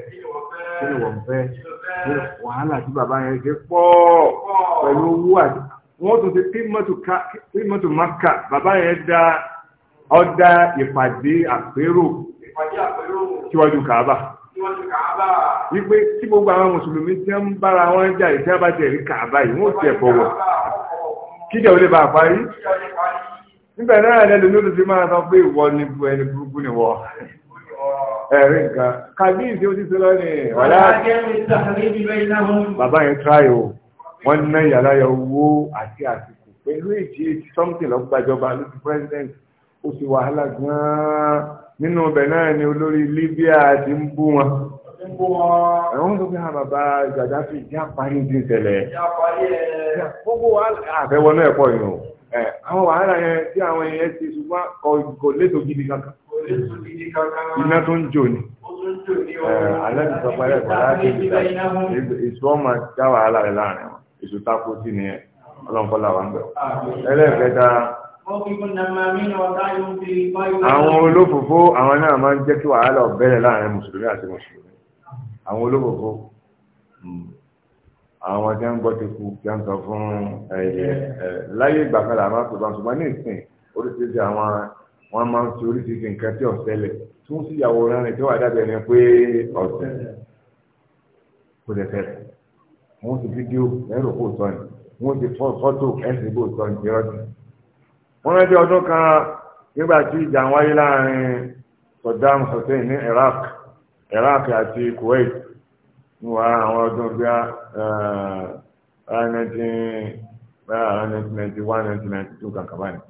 kíni wọ́n fẹ́ wàhálà tí bàbá yẹn ṣe pọ̀ pẹ̀lú owó àti wọ́n tún ti kí mọ́tò maka bàbá yẹn dá ọ̀dà ìpàdé àpérò síwájú kàábà wípé tí gbogbo àwọn mùsùlùmí tí wọ́n ń bára wọn jà ìtẹ́ bá tẹ̀ rí kàábà yìí wọ́n tẹ̀ bọ̀wọ̀ kíjà ò lè bá parí níbẹ̀ náà ẹni lónìí ti máa sọ pé ìwọ ni ẹni burúkú ni wọ́n ẹ̀rí nǹkan kàbíyèsí ó ti sọ lọ́nìí wàlá bàbá yẹn tíráyò wọ́n ná yàrá yọ owó àti àsìkò pẹ̀lú èjì èjì something lọ́gbàjọba ló ti president ó ti wàhálà gan-an nínú ọbẹ̀ náà ni olórí Libya ti ń bú wọn ẹ̀wọ́n ah, tó fi hàn bàbá Gaddafi jẹ́ àparí ní ìṣẹ̀lẹ̀ gbogbo àfẹ́wọ́nú ah, ẹ̀kọ́ yìí o àwọn wàhálà yẹn tí àwọn èèyàn ti ṣùgbọ́n kò létò gidi kankan iná tó ń jò ní alẹ́bí sọ pé ẹ̀kọ́ láti ìgbà èso ọmọ já wàhálà rẹ̀ láàrin wọn èso tako sí ni ọlọ́nkọ́lá wa ń bẹ̀ ẹlẹ́ẹ̀kẹta àwọn olófòfó àwọn náà máa ń jẹ́ kí wàhálà ọ̀bẹ̀rẹ̀ láàrin mùsùlùmí àti mùsùlùmí àwọn olófòfó hmm, àwọn tí ń gbọ́ ti kú kí wọ́n sọ fún ẹ̀yẹ láyé ìgbà kan làwọn àpò bá ń sọ wọ́n máa ń sọ oríṣiríṣi nǹkan tí ọ̀sẹ̀lẹ̀ tí wọ́n sì yàwòrán rẹ̀ tí wọ́n àdàbẹ̀ ẹni pé ọ̀sẹ̀ kò tẹ̀tẹ̀ rẹ̀ wọ́n ti fídíò ẹ̀rọ kò tọ́ ni wọ́n ti fọ́tò ẹ̀sìn kò tọ́ ni ìrọ́jì. wọ́n rántí ọdún kan nígbà tí ìjà ń wáyé láàrin Saddam Hussein ní Iraq Iraq àti Kuwait ní wàá àwọn ọdún bíi nineteen ninety one nineteen ninety two kankan báyìí.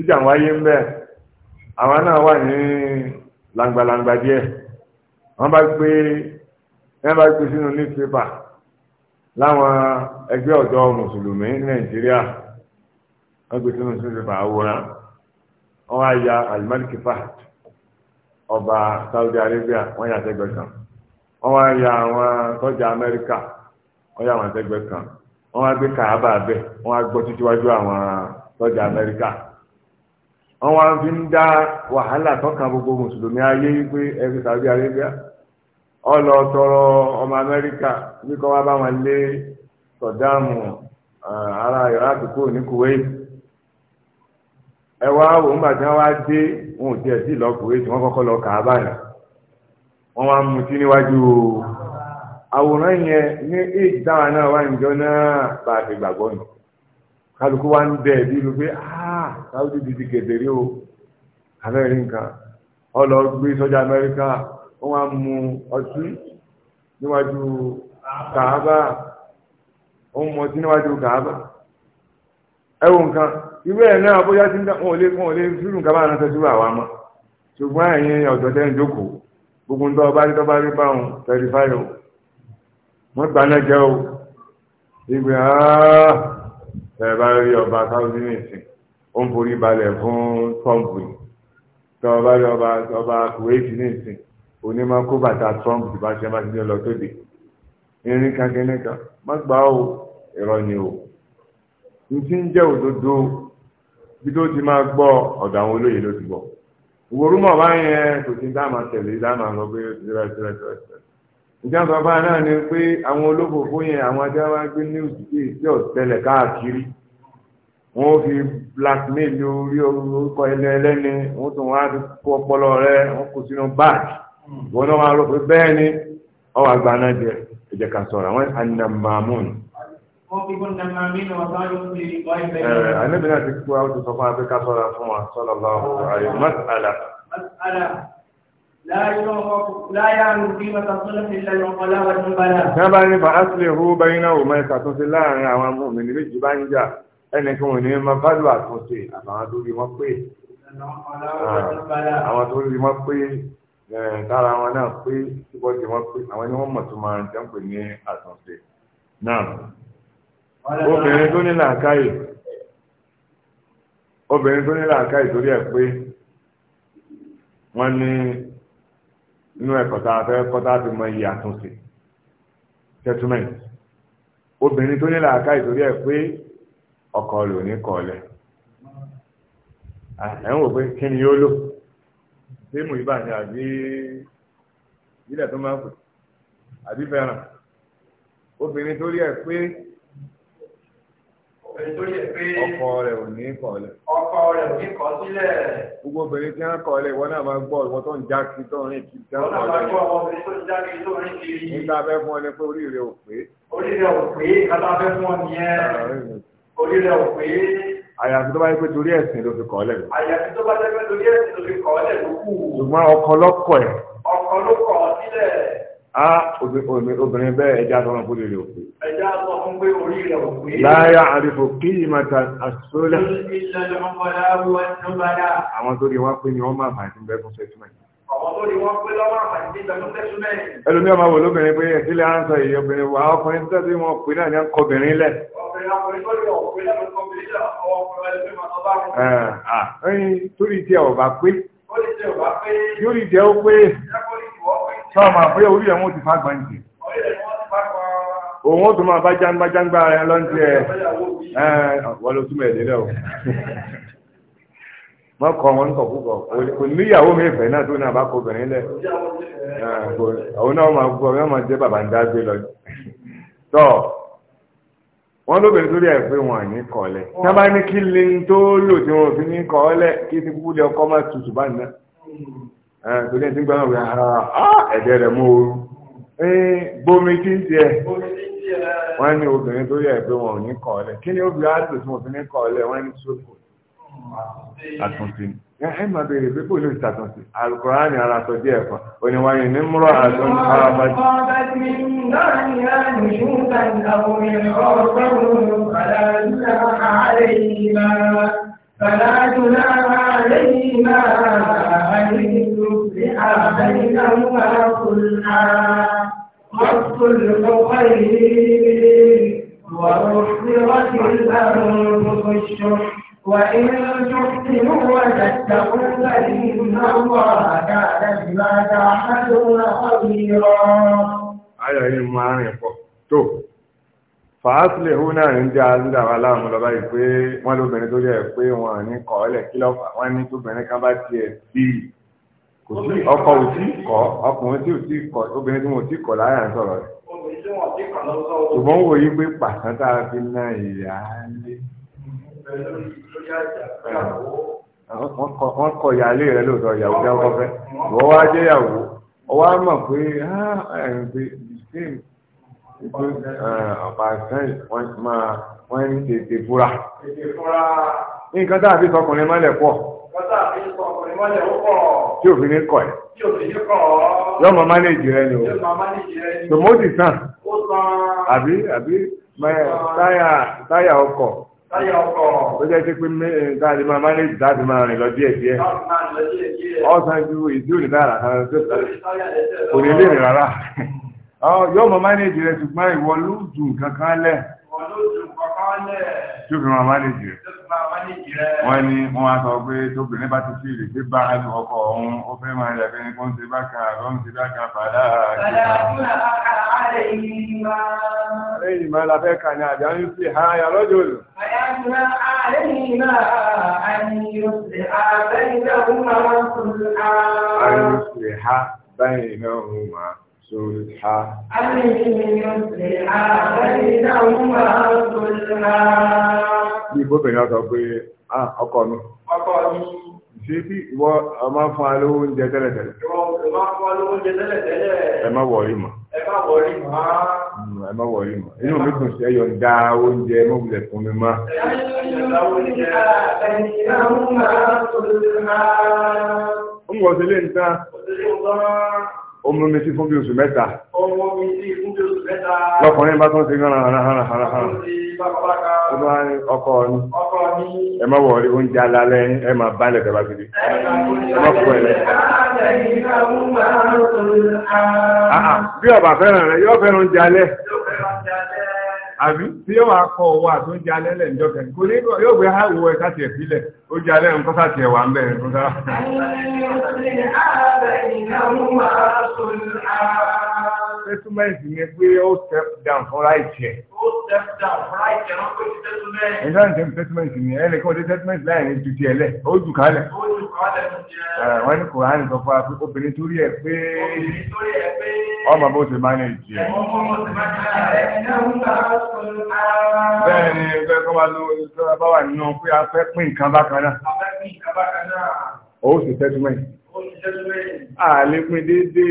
títí àwọn ayé ń bẹ àwọn náà wà ní langbalangba bá gbé wọ́n bá gbé sínú láwọn ẹgbẹ́ ọ̀dọ́ mùsùlùmí nàìjíríà wọ́n gbé sínú newspaper àwòrán ya alimalik ọba saudi arabia wọ́n yà sẹ́gbẹ́ kan wọ́n wá ya àwọn tọ́jà amẹ́ríkà ọ yà kan wá gbé kàábà wá títí wájú wọ́n wá fi ń dá wàhálà tọ́ka gbogbo mùsùlùmí ayé wípé ẹ̀rí tàbí arábíà ọlọ tọrọ ọmọ amẹ́ríkà bí kọ́ wá bá wọn lé sọ̀dáàmù ara iraq kúrò ní kuwait ẹ wá wò ńgbà tí wọ́n wá dé wọn ò tiẹ̀ sí lọ kuwait wọ́n kọ́kọ́ lọ kà á báyìí wọ́n wá mutí níwájú àwòrán yẹn ní èjì táwọn náà wá ń jọ náà bá a ti gbàgbọ́ nù kálukú wá ń dẹ̀ bí lu pé ah sáwùdí ti di kẹ̀tẹ̀rí o amẹ́ríkà ọlọ gbé sọ́jà amẹ́ríkà wọ́n wá mu ọtí níwájú kàábà wọ́n mu ọtí níwájú kàábà ẹwù nǹkan ìwé ẹ̀ náà bóyá tí wọ́n lè wọ́n lè fírù nǹkan bá ránṣẹ́ síwá wa mọ́ ṣùgbọ́n ẹ̀yin ọ̀dọ́ tẹ́yìn jókòó gbogbo ń tọ́ bá rí tọ́ bá rí báwọn tẹ̀lifáyọ̀ wọ́n gbaná jẹ́ o ìgbé aaa. Ah ẹ bá rí ọba sáwọ́dí nìsín ó ń forí balẹ̀ fún trump ni tọ́ ọba rí ọba ọba kuwait nìsín onímọ̀ kó bàtà trump ti bá ṣe bá ti dé lọ tóde irin kankan má gbà ó ìrọ̀ ni o n ti ń jẹ́ òdodo bí tó ti máa gbọ́ ọ̀dọ̀ àwọn olóyè ló ti bọ̀ ìwòrúmọ̀ bá kò sí dáàmà tẹ̀lé dáàmà lọ tẹ́lẹ̀ tẹ́lẹ̀ tẹ́lẹ̀ tẹ́lẹ̀ ìjà bàbá náà ni pé àwọn olófòfó yẹn àwọn ajá wa gbé ní òṣìṣẹ́ ìṣe ọ̀tẹlẹ̀ káàkiri wọ́n fi blackmail orí orúkọ ẹlẹ́ni wọ́n tún wá kó ọpọlọ rẹ wọ́n kó sínú báàgì wọ́n náà wá rò pé bẹ́ẹ̀ ni ọwọ́ àgbà náà jẹ ẹ̀jẹ̀ kan sọ̀rọ̀ àwọn anamamun. Àníbi náà ti kú àwọn tó sọ fún Abíká sọ́ra fún wa, sọ́lọ́lá ọ̀rọ̀ Tán bá ní fàásìlè hú báyí náà wò mọ́ ìsàtúnṣe láàrin àwọn amóhùnmí ní méjì bá ń jà ẹnìkan ò ní mọ fálù àtúnṣe àtàwọn tó rí wọ́n pé àwọn tó rí wọ́n pé tára wọn náà ń jẹ́ ń pè ní àtúnṣe náà. Obìnrin tó ní tó ní làákàyè pé nínú ẹ̀kọ́ tá a fẹ́ kọ́ tá a fi mọ iye àtúnṣe settlement obìnrin tó ní làákà ìtòrí ẹ̀ pé ọkọ rẹ̀ ò ní kọ̀ọ̀lẹ̀ ẹ̀ ń wò pé kí ni yóò lò ṣé mò ń bà àbí ilẹ̀ tó máa ń pè àbí fẹ́ràn obìnrin tó rí ẹ̀ pé torí ẹ pé ọkọ rẹ ò ní kọlẹ̀. ọkọ rẹ ò ní kọ sílẹ̀. gbogbo obìnrin tí wọ́n kọlẹ̀ ìwọ náà máa ń gbọ́ ìwọ tó ń já kiri tó ń rìn kiri ìwọ náà máa ń gbọ́ ọmọbìnrin tó ń já kiri tó ń rìn kiri. nígbà fẹ́ fún ọ ni pé orí rẹ ò pé. orí rẹ ò pé kátà fẹ́ fún ọ nìyẹn. orí rẹ ò pé. àyàfi tó bá yẹ pé torí ẹ̀sìn ló fi kọlẹ̀. àyàfi tó bá yẹ pé torí ẹ̀sìn ló fi kọlẹ̀ ló ṣùgbọ́n ọkọ a obìnrin bẹ́ẹ̀ ẹja tọrọ fún lèrè òkú. ẹja tọ fún pé orí rẹ̀ òkú. láyá àrífò kí ìmọ̀ta àṣọ́lẹ̀. àwọn tó rí wọ́n pé ni wọ́n máa fàájú bẹ́ẹ̀ fún sẹ́túmẹ̀. àwọn tó rí wọ́n pé lọ́wọ́ àfàájú bẹ́ẹ̀ fún ẹlòmí ọmọ wò lóbìnrin pé ìdílé à ń sọ sọ́ọ̀ máa bóyá orí ẹ̀wọ̀n ti fagbọ̀n jì òun ó tún máa bá jágbájágbá ẹ lọ́ntì ẹ wọ́n ló túmọ̀ ẹ̀dẹ́lẹ́ o wọ́n kọ́ wọn kọ̀ púpọ̀ kò níyàwó mi ìfẹ́ náà tó náà bá kó obìnrin lẹ̀ òun náà máa gbọ́ yóò máa jẹ́ bàbá ń dá gbé lọ tọ́ wọ́n lóbìnrin tó ẹ̀ pé wọ́n àní kọ́lẹ̀ tí wọ́n bá ní kí lè tó lò tí wọ́n fi ní kọ́lẹ̀ kí ti kúkú torí ẹ̀sìn gbọ́nà wẹ̀ ara ẹ̀dẹ̀ rẹ̀ mú ooru bomi tí ń tiẹ̀ wọ́n ní obìnrin tó yẹ pé wọn ní kọ́ kí ni obìnrin á tí wọn fi ní kọ́ wọ́n ní sóko àtúntì ẹ máa béèrè pé kò ní ni ara sọ díẹ̀ kan oníwáyé ní múrọ̀ فلا جناح عليهما أن يصلحا بينهما صلحا والصلح خير وأحضرت الأنفس الشح وإن تحسنوا وتتقوا فإن الله كان بما تعملون خبيرا. على المعنى تو fàásìlẹ̀ hù náà ń já lúdà wà láàmú lọ́ba yìí pé wọ́n lóbìnrin tó jẹ́ pé wọ́n ní kọ́ ọ́lẹ̀ kí lọ́fà wọ́n ní tóbìnrin kan bá tiẹ̀ bí kò sí ọkọ ò tí kọ́ ọkùnrin tí ò tí kọ́ obìnrin tí wọn ò tí kọ́ láyà ń sọ̀rọ̀ rẹ̀. ṣùgbọ́n wò yí pé pàṣán tá a fi ná ìyá lé. wọ́n kọ ìyáálé rẹ lóòótọ́ ìyàwó jẹ́ ọkọ fẹ́ ìwọ́ wá jẹ́ ìyàwó ọwọ́ á mọ̀ pé ah, Eh, ọ̀pá sẹ́yìn wọ́n máa wọ́n ń tètè fúra. nǹkan a fi sọkùnrin mọ́lẹ̀ pọ̀. nǹkan tá a fi sọkùnrin mọ́lẹ̀ ó pọ̀. tí òfin ní kọ̀ ẹ́. tí òfin ní kọ̀ mánéjì rẹ ni o. yọ́mọ mánéjì rẹ ni o. tòmótì sàn. ó sàn. àbí àbí táyà táyà ọkọ̀ ó jẹ́ sí pé dáadé máa máa ní dáadé máa rìn lọ díẹ̀ díẹ̀ ọ̀sán ju ìdí òní dára kan tó kò ní lè rìn rárá yóò mọ̀ mánéjì rẹ̀ ṣùgbọ́n ìwọ ló jù nǹkan kan lẹ̀ tí ó fi máa mánéjì rẹ̀ wọ́n ní wọ́n á sọ pé tóbìnrin bá ti fi ìrèké bá ẹnu ọkọ ọ̀hún ó fẹ́ máa rẹ̀ fẹ́ni kó ń ṣe bákan àbọ̀ ń ṣe bákan fàdá àlẹ́yìn máa la fẹ́ kà ní àjọ ń صلحا bí bóbìnrin ọ̀sọ̀ pé ọkọ mi ṣe bí ìwọ ọmọ fún wa lówó oúnjẹ tẹ́lẹ̀tẹ́lẹ̀ ẹ má wọrí mọ́ ẹ má wọrí mm, mọ́ inú mi kùn sí ẹyọ dá oúnjẹ mọ́bùlẹ̀ fún mi mọ́ ń wọ́n ń tán ó mú mi sí fún bí oṣù mẹ́ta. lọ́kùnrin bá tún ti rán ara hàn hàn hàn. ó bá ní ọkọ ni ẹ má wọ̀ rí oúnjẹ alálẹ́ ẹ má balẹ̀ tẹ́ bá ti di. ẹ má fún ẹ lẹ. Ah, ah, bí àbí tí yóò wá kọ owó àtún jẹ alẹ́ lẹ̀ níjọ́ kò ní yóò gbé ha ìwọ ẹ̀ka tiẹ̀ ó jẹ alẹ́ nǹkan sá ń bẹ̀rẹ̀ nǹkan sá. Settlement ni pé ó step down fún right ìdáhùn tẹ́ tẹ́tímẹ́ǹtì ni ẹnì kan dé tẹ́tímẹ́ǹtì láàrin ju ti ẹ̀lẹ́ ó jù kálẹ̀. wọ́n ní kòránì sọ fún wa obìnrin torí ẹ̀ pé ọmọ bó ṣe máa ń jì ẹ̀. bẹ́ẹ̀ ni bẹ́ẹ̀ kọ́ máa lo ìṣọ́ra bá wà nínú pé a fẹ́ pín nǹkan bákan náà. ó sì tẹ́tímẹ́ǹtì. Àlékún dédé.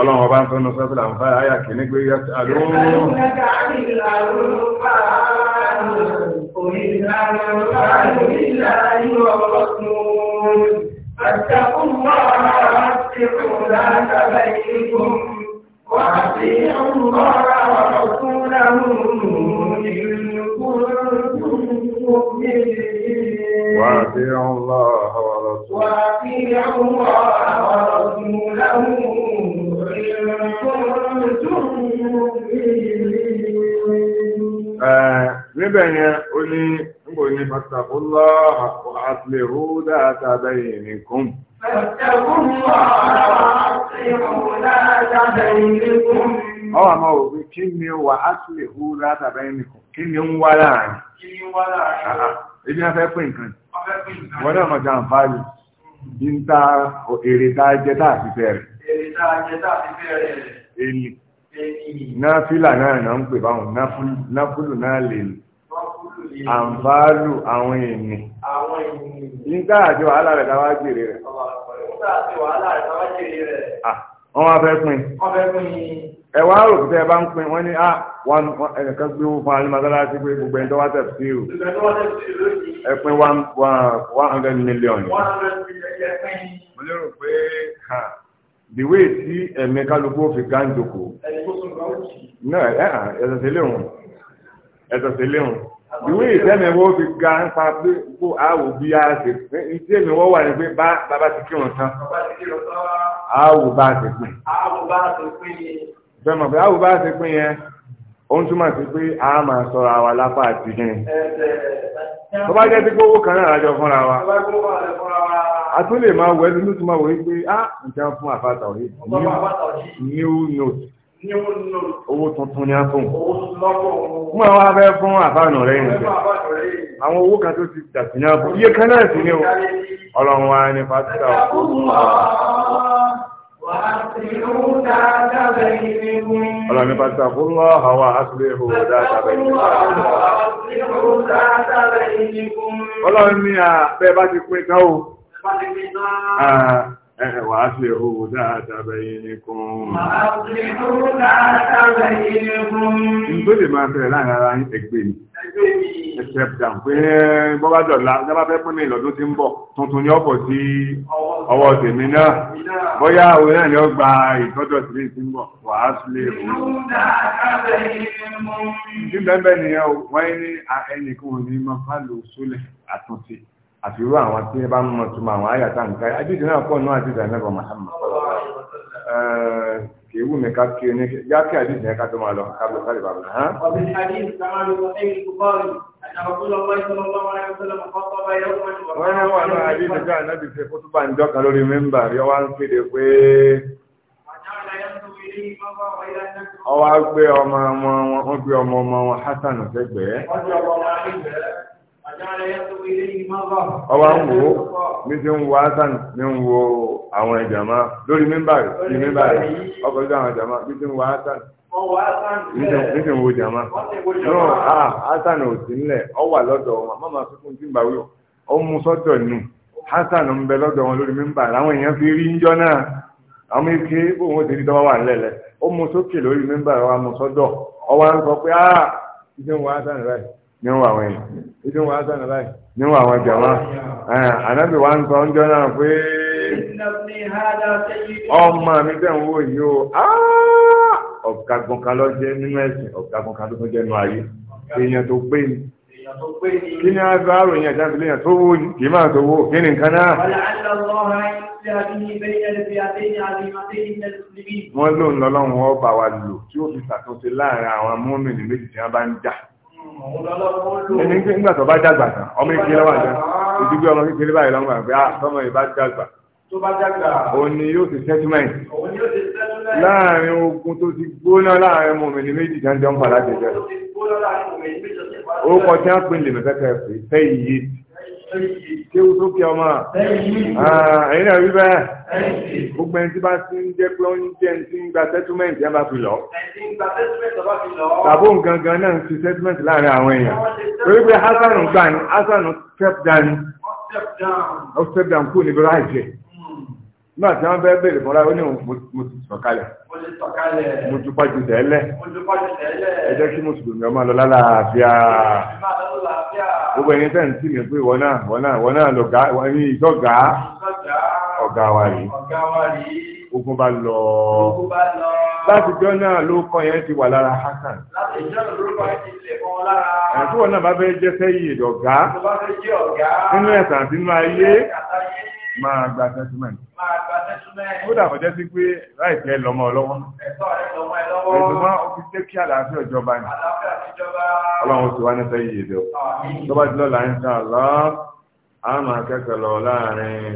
Ọlọ́run ọba ń sọ ní sọ́fílà ń fáyà ayà kì ní pé yàtí àlóòrùn. وَأَطِيعُوا اللَّهَ وَرَسُولَهُ إِن كُنتُم مُّؤْمِنِينَ وَأَطِيعُوا وأصلحوا ذات بينكم فاتقوا الله وأصلحوا ذات بينكم ọwọ́ àmọ́ òfin kí ni wà á tún lè hú látàbẹ́ nìkan kí ni ń wá láàrin ibi afẹ́ pín nǹkan wọ́n náà mọ̀já ń fàájú bí ń ta èrè tá jẹ́ tá àti fẹ́ rẹ̀ èlì náà fílà náà náà àǹfààlù àwọn èèmì nígbà àti wàhálà rẹ̀ dáwà jèrè rẹ̀ wọ́n wá fẹ́ pín ẹwà òkúta ẹbá ń pín wọ́n ní ẹnìkan gbé owó fún alimọ́sálá sí pé gbogbo ẹni tó wá tẹ̀sí sí o ẹpín one hundred million mo lérò pé the way tí ẹ̀mí kálukú fi gáńjòkó náà ẹ̀sẹ̀ sílẹ̀ wọn ẹ̀sọ̀ sí léhùn ìwé ìtẹ́mẹ̀wọ́ fi ga ń pa pé kó àwò bí a ṣe pé ìtí èmìwọ́ wà ní pé bá bàbá ti kírun tán àwò bá a ṣe pín bẹ́ẹ̀mọ̀ pé àwò bá a ṣe pín yẹn ó ń túmọ̀ sí pé a máa sọ̀rọ̀ àwa lápá àti kíni tó bá jẹ́ pé owó kan náà rájọ fúnra wa a tún lè máa wẹ̀ lónìí tó máa wọ̀ yí pé ah ǹjẹ́ fún àfàtà òye new note owó tuntun ni a fún fún àwọn abẹ́ fún àbánà rẹ̀ ìrìnlẹ̀ àwọn owó kan tó ti dàtí ní àbú iye kan náà sí ní o ọlọ́run wa ní pásítà ọlọ́run pásítà fún lọ́wọ́ àwọn aṣílẹ̀ ihò dáadáa وأصلحوا ذات بينكم وأصلحوا ذات بينكم nítorí máa fẹ́ láàrin ara yín ẹgbẹ́ mi step down pé eh, bọ́bá dọ̀la ní bá fẹ́ pín mi lọ́dún tí ń bọ̀ tuntun ni ó bọ̀ sí ọwọ́ tèmi náà bóyá òun náà ni ó gba ìtọ́jọ́ sí ti ń bọ̀ wà á sílé òun. tí bẹ́ẹ̀ bẹ́ẹ̀ nìyẹn wọ́n ní ẹnìkan ò ní máa fà lò sólẹ̀ àtúntì àfi irú àwọn tí bá mọ̀ tó máa wọn àyàtà nǹkan àdìsí náà pọ̀ náà àti ìdánilẹ́bọ̀ Muhammad kì í wù mí ká kí ní yá kí àdìsí yẹn ká tó máa lọ ká lọ sáré bàbá. ọ̀bí àdìsí sáwọn olùkọ́ ẹ̀yìn kúkọ́ọ̀lù wọ́n náà wà náà àdìsí sáà náà ti ṣe kótópà ń dọ́ka lórí mẹ́mbà rí ọwá ń kéde pé ọwá gbé ọmọ wọn wọn gbé ọmọ ọmọ wọn Hasan ọ̀sẹ̀gbẹ́ ọwọ́ ń wò ó mi ti ń wo asan mi ń wo àwọn ìjàmá lórí mímbàrí sí mímbàrí ọkọ̀ lórí àwọn ìjàmá mi ti ń wo asan mi ti ń wo ìjàmá náà asan ò sí nílẹ̀ ọ wà lọ́dọ̀ wọn má máa fífún tí ń bá wíwọ̀ ó mú sọ́dọ̀ nù asan ń bẹ lọ́dọ̀ wọn lórí mímbàrí àwọn èèyàn fi rí ń jọ náà àwọn ike bóun ó ti rí tọ́wọ́ wà nílẹ̀ lẹ̀ ó mú sókè lórí mímbàrí wa mú sọ́dọ̀ ọwọ́ ah, à níwọ̀n àwọn èèyàn. ìdí wọn aṣọ àná báyìí. níwọ̀n àwọn jàmá. ànábì wa ń sọ ọjọ́ náà pé ọmọ mi tẹ̀ ń wò yìí o ọ̀gágun kan ló jẹ́ nínú ẹ̀sìn ọ̀gágun kan ló tún jẹ́ nínú ayé èèyàn tó pé ni kí ni a fi àrò yẹn jáde léyàn tó wó kì í máa tó wó kí ni nǹkan náà. wọ́n lóun lọ́lọ́run ọba wa lò tí ó fi ṣàtúnṣe láàrin àwọn mọ́mìnì méjì tí wọ́n bá ń jà ẹni nígbà tó bá dàgbà tán ọmọ ìpínlẹ̀ wà ní ìdígbé ọmọ kékeré báyìí lọ́mọ àgbẹ̀ àtọmọ ah, ìbá dàgbà tó bá dàgbà. òun ni yóò ṣe settlement. òun yóò ṣe settlement. láàrin ogun tó ti gbóná láàrin mòmìnir méjì jẹ́ ń jẹun padà jẹjẹrẹ. ó kọjá pé lèmẹ̀kẹ́kẹ́ pé fẹ́ iye ṣé o sókè ọmọ ẹ̀yin náà rí bẹ́ẹ̀ gbogbo ẹni tí bá ti ń jẹ́ pé ó ń jẹ́ ẹni tí ń gba sẹ́túmẹ̀ntì ẹ bá fi lọ. tàbó nǹkan gan náà ń fi sẹ́túmẹ̀ntì láàrin àwọn èèyàn torí pé hasanu gbani hasanu step down ó step down kúrò níbi ráìjẹ́ náà tí wọ́n fẹ́ bèèrè fọ́nra ó ní mo ti sọ̀kalẹ̀ mo ti pàjù tẹ́lẹ̀ ẹ jẹ́ kí mùsùlùmí ọmọ lọ lálàáfíà gbogbo ẹni tẹ́ ń tì mí pé wọ́n náà wọ́n náà wọ́n náà lọ́gá wọ́n ní ìjọ́gá ọ̀gá wa rí ogun bá lọ láti jọ náà ló kọ́ yẹn ti wà lára Hasan ẹ̀fọ́ náà bá fẹ́ jẹ́ sẹ́yìn ìdọ̀gá nínú ẹ̀sán sínú ayé máa gba sẹ́túmẹ̀ntì. ó dàbọ̀ jẹ́ sí pé láìpẹ́ lọ́mọ ọlọ́wọ́. ìdùnnà òfin jẹ́ kí àlàáfíà ìjọba ni. ọlọ́run ti wá ní sẹ́yìn yìí lọ. tọ́ba ti lọ́la ń sá lọ a máa kẹ́kọ̀ọ́ lọ láàrin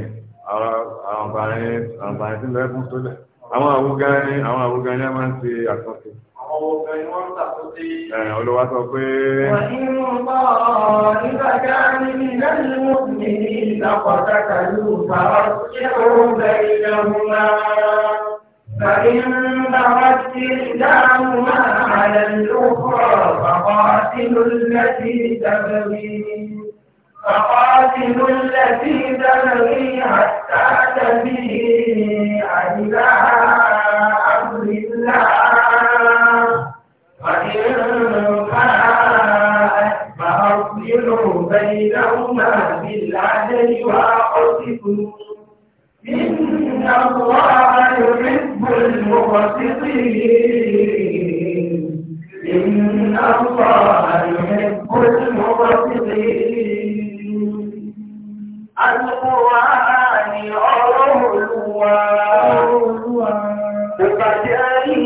àwọn àǹfààní tí ń lọ fún sólẹ̀. àwọn àwùgán ni àwọn àwùgán ni a máa ń ṣe àtúnṣe. Eh, Olúwa sọ pé فإن بغت إحداهما على الأخرى فقاتلوا التي تبغي فقاتلوا التي تبغي حتى تبيع إلى أمر الله فإن فاءت فأصلحوا بينهما بالعدل وأقسطوا إن الله يحب المقسطين إن الله يحب المقسطين القرآن أرى الوان